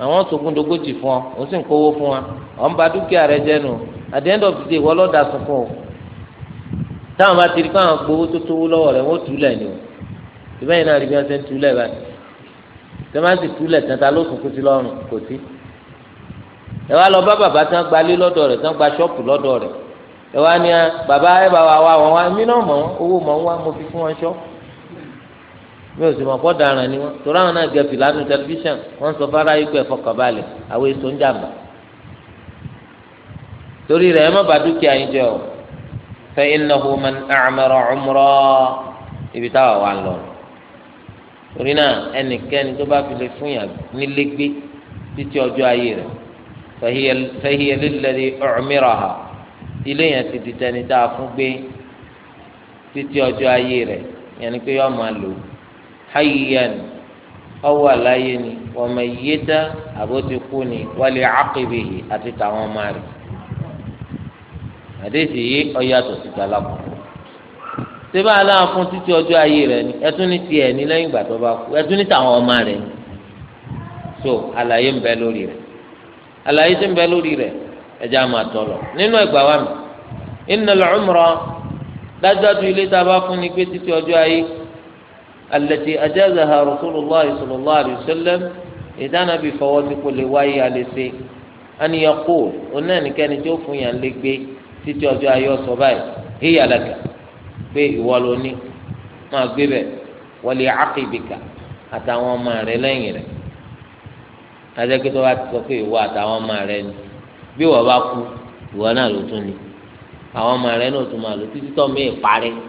àwọn sògùn dogójì fún ọ òun sì ń kówó fún wa ọ̀ ń ba dúkìá rẹ jẹ́ nù at the end of the day wọ́n lọ́ọ́ da sunkún o táwọn bá ti káwọn gbowó tó tówó lọ́wọ́ rẹ̀ wọ́n túlẹ̀ ni o ìbẹ́ yìí náà rí bí wọ́n ṣe ń túlẹ̀ báyìí tí wọ́n bá sì túlẹ̀ tán ta ló sunkún sí lọ́rùn kò sí. ẹ wá lọ bá bàbá tí wọ́n gba lé lọ́dọ̀ tí wọ́n gba ṣọ́ọ̀pù lọ́dọ̀ rẹ̀ ẹ wá ní bàbá ẹ bá wa wá wọn wá mí náà mọ̀ owó mọ̀ wá mo fi fún wọn ṣọ́ọ̀pù mi ò sì mọ̀ kọ́ ni wọ́n torí àwọn náà gẹ fìlànà tẹlifíṣàn wọ́n sọ fara ikú ẹ̀fọ́ kọ̀balẹ̀ àwọn èso ń jàmbá torí o a'mara 'umra ibi táwa wà lọ torí náà ẹnikẹ́ni tó bá fi lè fún yàn nílé gbé títí ọjọ́ ayé rẹ̀ fa hiya lilladhi u'miraha ilé yẹn ti di tẹni tá a fún gbé títí ọjọ́ ayé rẹ̀ yẹn hayyan ọwọ́ àlàyé ni ọmọ yíyétá àbótikú ni wálé àkèbèyí àti tàwọn ọmọ rẹ̀ àdéhìí yìí ọ̀yàtọ̀ síta lápò sébà aláwọ̀ fún títí ọjọ́ ayé rẹ̀ ni ẹtún ní tiẹ̀ ní lẹ́yìn ìgbà tó bá kú ẹtún ní tàwọn ọmọ rẹ̀ ni so àlàyé ń bẹ lórí rẹ̀ àlàyé tí ń bẹ lórí rẹ̀ ẹjẹ́ a máa tọ̀lọ̀ nínú ẹgbà wa mi innal umra dájúdájú ilé tá a bá fún ni pé títí ọjọ́ ayé التي أجازها رسول الله صلى الله عليه وسلم إذا نبي فواتق لواي سي أن يقول أنني كان جوف ينلك بي تتوجه أيها صباي هي لك بي والوني ما قبل ولعقبك أتعوى ما رلين هذا كده واتقفي واتعوى ما رلين bí wọ́n bá kú ìwọ náà ló tún ni àwọn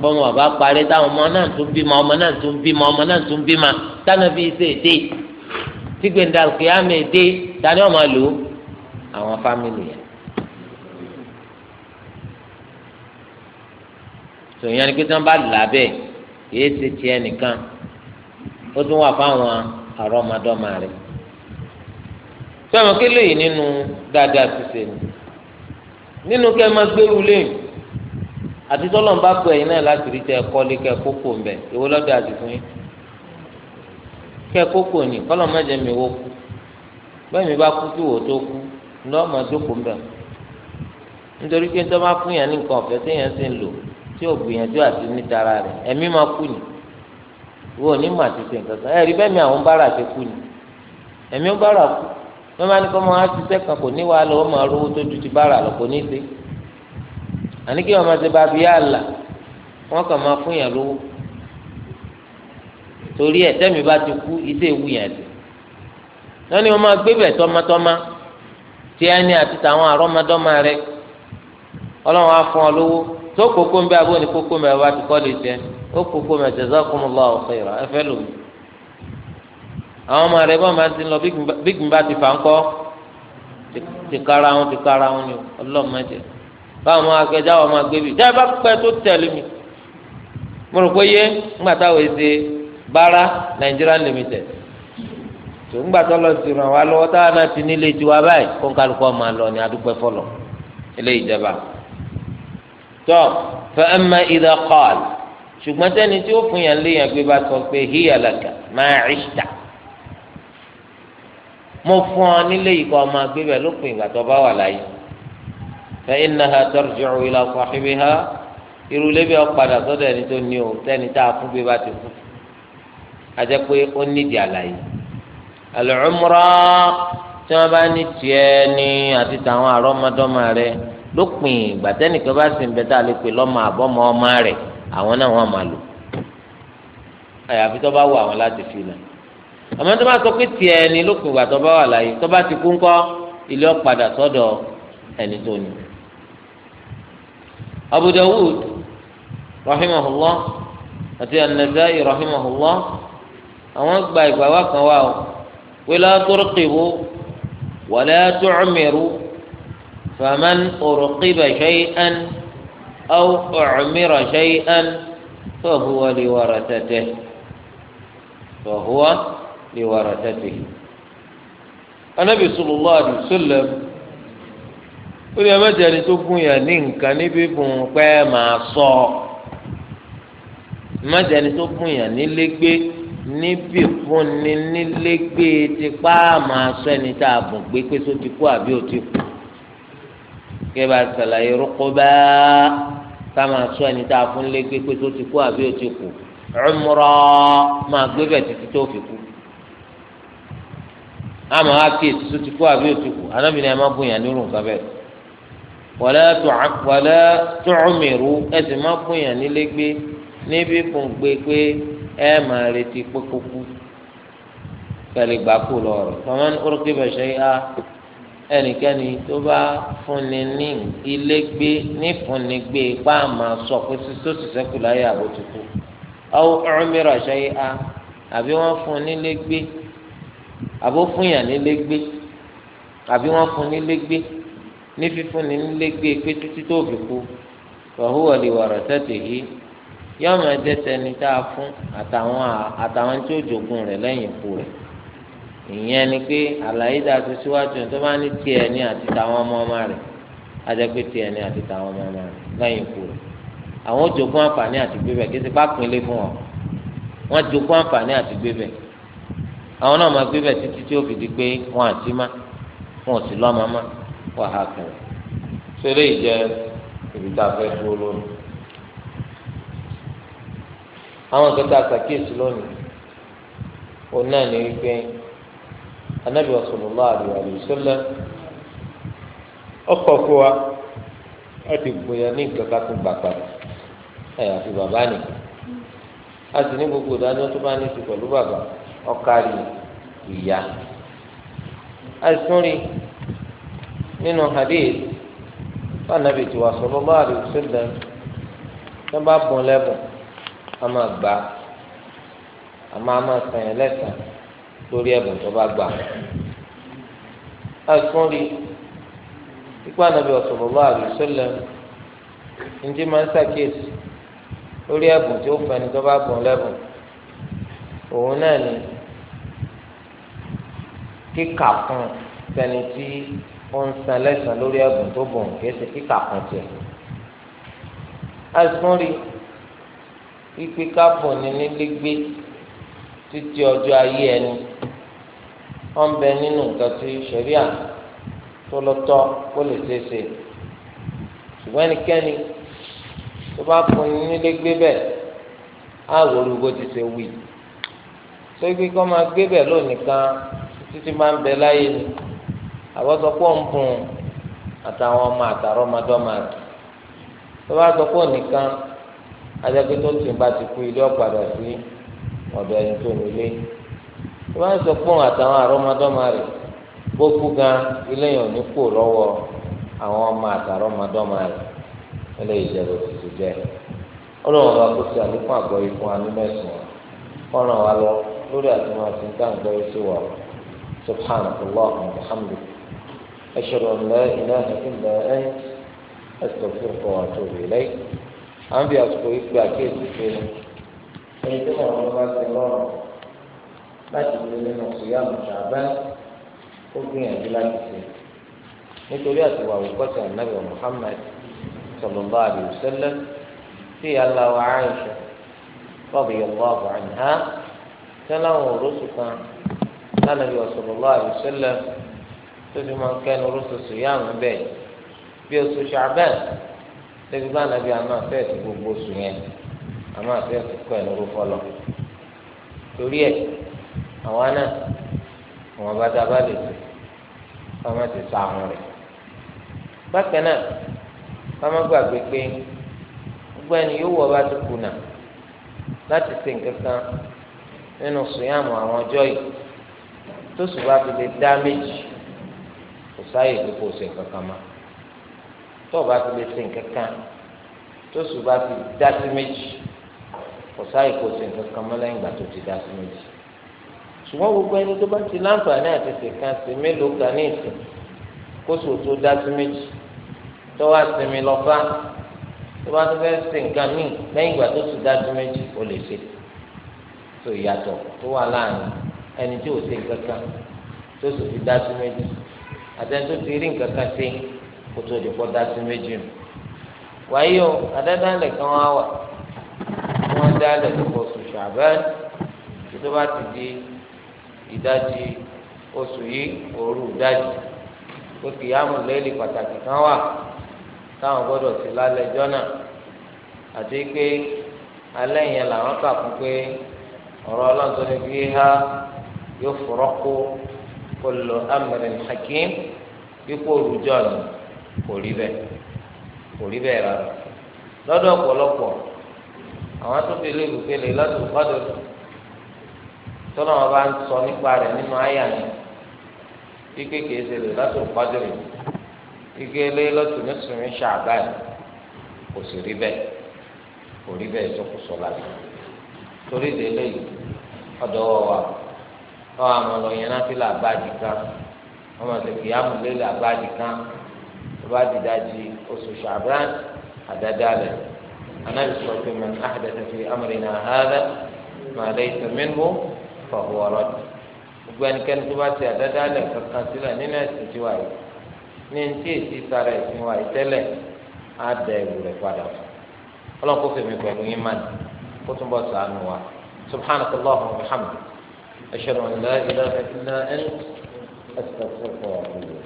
bọ́mọ bàbá parí táwọn ọmọ náà tún bímọ ọmọ náà tún bímọ ọmọ náà tún bímọ táwọn fi ṣe èdè tí gbẹ̀ndà kìámẹ̀ èdè tani ọmọ lò ó àwọn fámìlì yẹn. sòyìn ni pé tí wọ́n bá là bẹ́ẹ̀ kìí ṣe tiẹ̀ nìkan ó tún wà fáwọn àrọ́mọdọ́mọ rẹ̀ sọ̀rọ̀ kí lóyìn nínú dáadáa ṣiṣẹ́ ni nínú kẹ́ ẹ máa gbérù lẹ́yìn àti tọ́lọ̀ ń bá pẹ́ yín náà láti rí tẹ ẹ̀kọ́ lé kẹ́ kókò ń bẹ̀ èwo lọ́dọ̀ àti fún yín kẹ́ kókò ní kọ́lọ̀ mẹ́jẹ mi wó kú bẹ́ẹ̀ mi bá kú kí wò tó kú lọ́mọ jókòó ń bẹ̀ nítorí pé tó bá fún yẹn ní nǹkan ọ̀fẹ́ téèyàn sì ń lò tí ò gbìyànjú àti ní tara rẹ̀ ẹ̀mí máa kú ni wo ní mà ti ṣe nǹkan ẹ̀rí bẹ́ẹ̀ mi àwọn bára ti kú ni ẹ̀mí ó bára kú wọ́n máa ní kọ́ máa ṣiṣẹ́ kan kò ní wàá lọ́wọ́ máa rówó tó ju ti bára lọ kò ní í àní kí wọn máa ṣe bàbí àlà wọn kàn máa fún yàn lówó torí ẹ tẹmí bá ti kú iṣẹ́ ewu yẹn ti wọn ni wọn máa gbé bẹ́ẹ̀ tí a ní àti tàwọn àrọmọdọ́mọ rẹ Ọlọ́run á fún ọ lówó tó kókó ń bẹ abó ni kókó mẹ wá ti kọ́ lè jẹ ó kókó mẹ jazakumullahu khaira ẹ fẹ́ lòun àwọn ọmọ rẹ bọ́ọ̀ máa ti lọ bí gbìmbá ti fà ń kọ́ ti kára wọn ti kára wọn ni ọlọ́ọ̀ báwọn máa gbẹjà wọn máa gbẹbi tẹ ẹ bá pẹ tó tẹlẹ mi mo rò bara Nigeria limited tó ńgbà lọ sí náà ti nílé tiwa báyìí kó ń máa lọ ní fọlọ ilé ìjọba tó fa amma idha qal ṣùgbọ́n sẹ́ni tí ó fún yàn léyàn gbé bá sọ pé ọ nílé lópin ìgbà tó bá فإنها ترجع إلى صاحبها irú lébi ọ̀padà sọ́dọ̀ ẹni tó ní o tẹ́ni tá a fún bí bá ti kú àti pé ó nídìí àlàyé àlùcùmùrà tí wọ́n bá ní tiẹ̀ ní àti tàwọn àrọ́mọdọ́mọ rẹ lópin ìgbà tẹ́nìkan bá sì ń bẹ tá a lè pè lọ́mọ àbọ́mọ ọmọ rẹ̀ àwọn náà wọ́n máa lò àyàfi tó bá wù àwọn láti fi lọ àmọ́ tó bá sọ pé tiẹ̀ ní lópin ìgbà tó bá wà láyé tó bá ti kú ńkọ́ ilé ọ̀padà sọ́dọ̀ ẹni tó ní o abu dawud rahimahullah àti an-nasa'i rahimahullah àwọn gba ìgbà wa kan wá o wa la turqibu wa la tu'miru faman urqiba shay'an aw u'mira shay'an fahuwa liwarathatihi fahuwa liwarathatihi anabi sallallahu alaihi wasallam ó lè mẹ́jọ ẹni tó fún yàn ní nǹkan níbi bùn pẹ́ máa sọ mẹ́jọ ẹni tó fún yàn nílé gbé níbi fúnni nílé gbé tipá máa sọ ẹni tá a bùn gbé pé só ti kú àbí ó ti kú kí ẹ bá ṣàlàyé rúkú bá ká máa sọ ẹni tá a fún lé gbé pé só ti kú àbí ó ti kú umra máa gbé bẹ̀ títí tó fi kú àmọ́ á kí ti kú àbí ó ti kú anábìnrin ẹ má bùn yàn nírú nǹkan bẹ́ẹ̀ wàlá tu'miru ẹ sì má fúnyàn nílé gbé níbi kùn gbé pé ẹ máa retí pópókú pẹ̀lú ìgbàkú lọ́rọ̀ faman urqiba shay'a ẹnikẹ́ni tó bá fúnni ní ilé gbé nífúnni gbé ipá máa sọ pé tó sì sẹ́kù láyé àbótútù aw umira shay'a àbí wọ́n fún nílé gbé àbó fúnyàn nílé gbé àbí wọ́n fún nílé gbé ní fífúnni nílégbé pé títí tó fi kú fọ̀hún wọlé wọ̀rọ̀ tẹ̀tẹ̀ yìí yóò máa jẹ́ tẹni tá a fún àtàwọn àtàwọn tí ó jogún rẹ̀ lẹ́yìn ikú rẹ̀ ìyẹn ni pé àlàyé dàtú síwájú tó bá ní tiẹ̀ ní àti tàwọn ọmọ ọmọ rẹ̀ adẹ́pẹ́ tiẹ̀ ní àti tàwọn ọmọ ọmọ rẹ̀ lẹ́yìn ikú rẹ̀ àwọn jogún àǹfààní àti gbébẹ̀ kí ti bá pinlé fún wọn wọn jogún àǹfààní àti gbébẹ̀ àwọn náà máa gbébẹ̀ títí tí ó fi di pé wọn àti má wọn ò sì lọ́mọ má. wà á kẹrẹ ṣeré ìjẹ ibi tá a fẹ́ dúró lónìí àwọn a lónìí òun náà ní wípé anábì sallallahu alaihi wasallam ọkọ fún wa láti gbóyà ní nǹkan ká gbà padà ẹ àfi bàbá ni a sì ní gbogbo ìdájọ́ tó bá nínú hadith fún anabi tiwa sallallahu alaihi wasallam tó bá bùn lẹ́bùn a máa gbà a máa máa sàn yẹn lẹ́sàn lórí ẹ̀bùn tó bá gbà ẹ̀sùn rí ikú anabi sallallahu alaihi wasallam ǹjẹ́ máa ń ṣàkíyèsí lórí ẹ̀bùn tí ó fẹ́ni tó bá bùn lẹ́bùn òun náà ni kíkà fún sẹni tí ó ń san lẹ́sàn lórí ẹ̀bùn tó bùn kìí ṣe kíkà kan tiẹ̀. àìsàn rí pípé kábùn ní nílé gbé títí ọjọ́ ayé ẹni ó ń bẹ nínú nǹkan tí ṣẹ̀ríà tó lọ tọ́ kó lè ṣeé ṣe ṣùgbọ́n ẹnikẹ́ni tó bá fún ní nílé gbé bẹ́ẹ̀ á wò ó bó ti ṣe wí. sọ pé máa gbé bẹ́ẹ̀ lónìí kan títí máa ń bẹ láyé ni. àwọn sọ pé ó ń bùn àtàwọn ọmọ àtàrọ ọmọdọ́mọ rẹ̀ tó bá sọ pé ònìkan adẹ́gbẹ́ tó bá ti kú ilé ọ̀padà sí ọ̀dọ̀ ẹni tó nílé tó bá sọ pé òun àtàwọn àrọ ọmọdọ́mọ rẹ̀ bó kú gan ilé yẹn ò ní kú lọ́wọ́ àwọn ọmọ eléyìí ti jẹ́ ọlọ́run أشهد أن لا إله إلا أنت أستغفرك وأتوب إليك àwọn bí àsìkò yìí gba kéèkì pé ẹni tí wọn lọ bá ti lọrùn láti lè nínú ìyáàmù ṣàbá ó gbìyànjú láti ṣe nítorí àtiwà òkúta nàbẹ Muhammad sallallahu alaihi wasallam tí aláwọ Aisha radiyallahu anha tẹláwọn òróṣù kan lánàbí sallallahu alaihi wasallam tó fi máa ń kẹ́nu rúṣoṣo yá àwọn bẹ́ẹ̀ bí oṣù ṣàbẹ́ẹ̀ lẹ́bi bá nàbí àmọ́ àfẹ́ẹ̀sì gbogbo oṣù yẹn àmọ́ àfẹ́ẹ̀sì kọ́ ẹ̀nu rú fọlọ́ torí ẹ̀ àwa náà àwọn bá dá bá lè sè ọmọ ti sa àwọn rẹ̀ bákan náà ọmọ gbàgbé pé gbogbo ẹni yóò wọ bá ti kùnà láti ṣe nǹkan kan nínú sùnyàmù àwọn ọjọ́ yìí tó sùn bá fi lè dá méjì kò sáyè pé kò ṣe nǹkan kan mọ́ tó o bá ti lè ṣe nǹkan kan tó sùn bá ti dá sí méjì kò sáyè kò ṣe nǹkan kan mọ́ lẹ́yìn ìgbà tó ti dá sí méjì ṣùgbọ́n gbogbo ẹni tó bá ti láǹfààní àti ṣèkan sí mélòó kan ní ìsìn kó sùn tó dá sí méjì tó wá sinmi lọ́fà tó bá ti fẹ́ ṣe nǹkan míì lẹ́yìn ìgbà tó ti dá sí méjì ó lè ṣe tó ìyàtọ̀ tó wà láàrin ẹni tí ò ṣe nǹkan tó sì fi dá sí méjì àtẹnudó ti rí nǹkan kan sí kó tó di kọdá sí méjì nù wáyé o àdádálẹ kan wá wà wọn dálẹ lóko oṣù ṣàbẹn tó bá ti di ìdajì oṣù yìí òru ìdajì pé kìyàmù lẹ́lì pàtàkì kan wà táwọn gbọ́dọ̀ sí lálẹ́ ẹjọ́ àti pé alẹ́ yẹn làwọn kà fún pé ọ̀rọ̀ ọlọ́dún ni ha yóò fọ̀rọ̀ kó kó lo amẹ̀rẹ̀ hakim pípọ̀ òrùjọ́ ni kò rí bẹ́ẹ̀ kò rí bẹ́ẹ̀ rárá lọ́dọ̀ ọ̀pọ̀lọpọ̀ àwọn tó fi léwu pé lè lọ́dọ̀ gbọ́dọ̀ tọ́lọ́ wọn bá ń sọ nípa rẹ̀ nínú àyà yẹn ike kìí ṣe lè lọ́dọ̀ gbọ́dọ̀ yìí ike lé lọ́dọ̀ nísìnyí ṣàbá yìí kò sì rí bẹ́ẹ̀ kò rí bẹ́ẹ̀ sọkùsọ láti torí délé yìí ọ̀dọ̀ wọ̀ wá ọ̀ àmọ̀ lọ́yẹn náà fi là wọn máa ṣe kìyàmù lélẹ̀ àbáàdì kan àbáàdì dájú oṣù ṣàbán àdádálẹ̀ anábì sọ pé man ahdatha fi amrina hadha ma laysa minhu fa huwa radd gbogbo ẹnikẹ́ni tó bá ti àdádálẹ̀ kankan sílẹ̀ nínú ẹ̀sìn tiwa yìí ní ntí èsì sára ẹ̀sìn wa yìí tẹ́lẹ̀ á da ẹ̀wù rẹ̀ padà fún ọlọ́run kó fèmí pẹ̀lú yín mánì kó túnbọ̀ ṣàánú wa subhanahu wa ta'ala wa bihamdi ashhadu an la ilaha illa anta. أستغفرك وأتوب إليك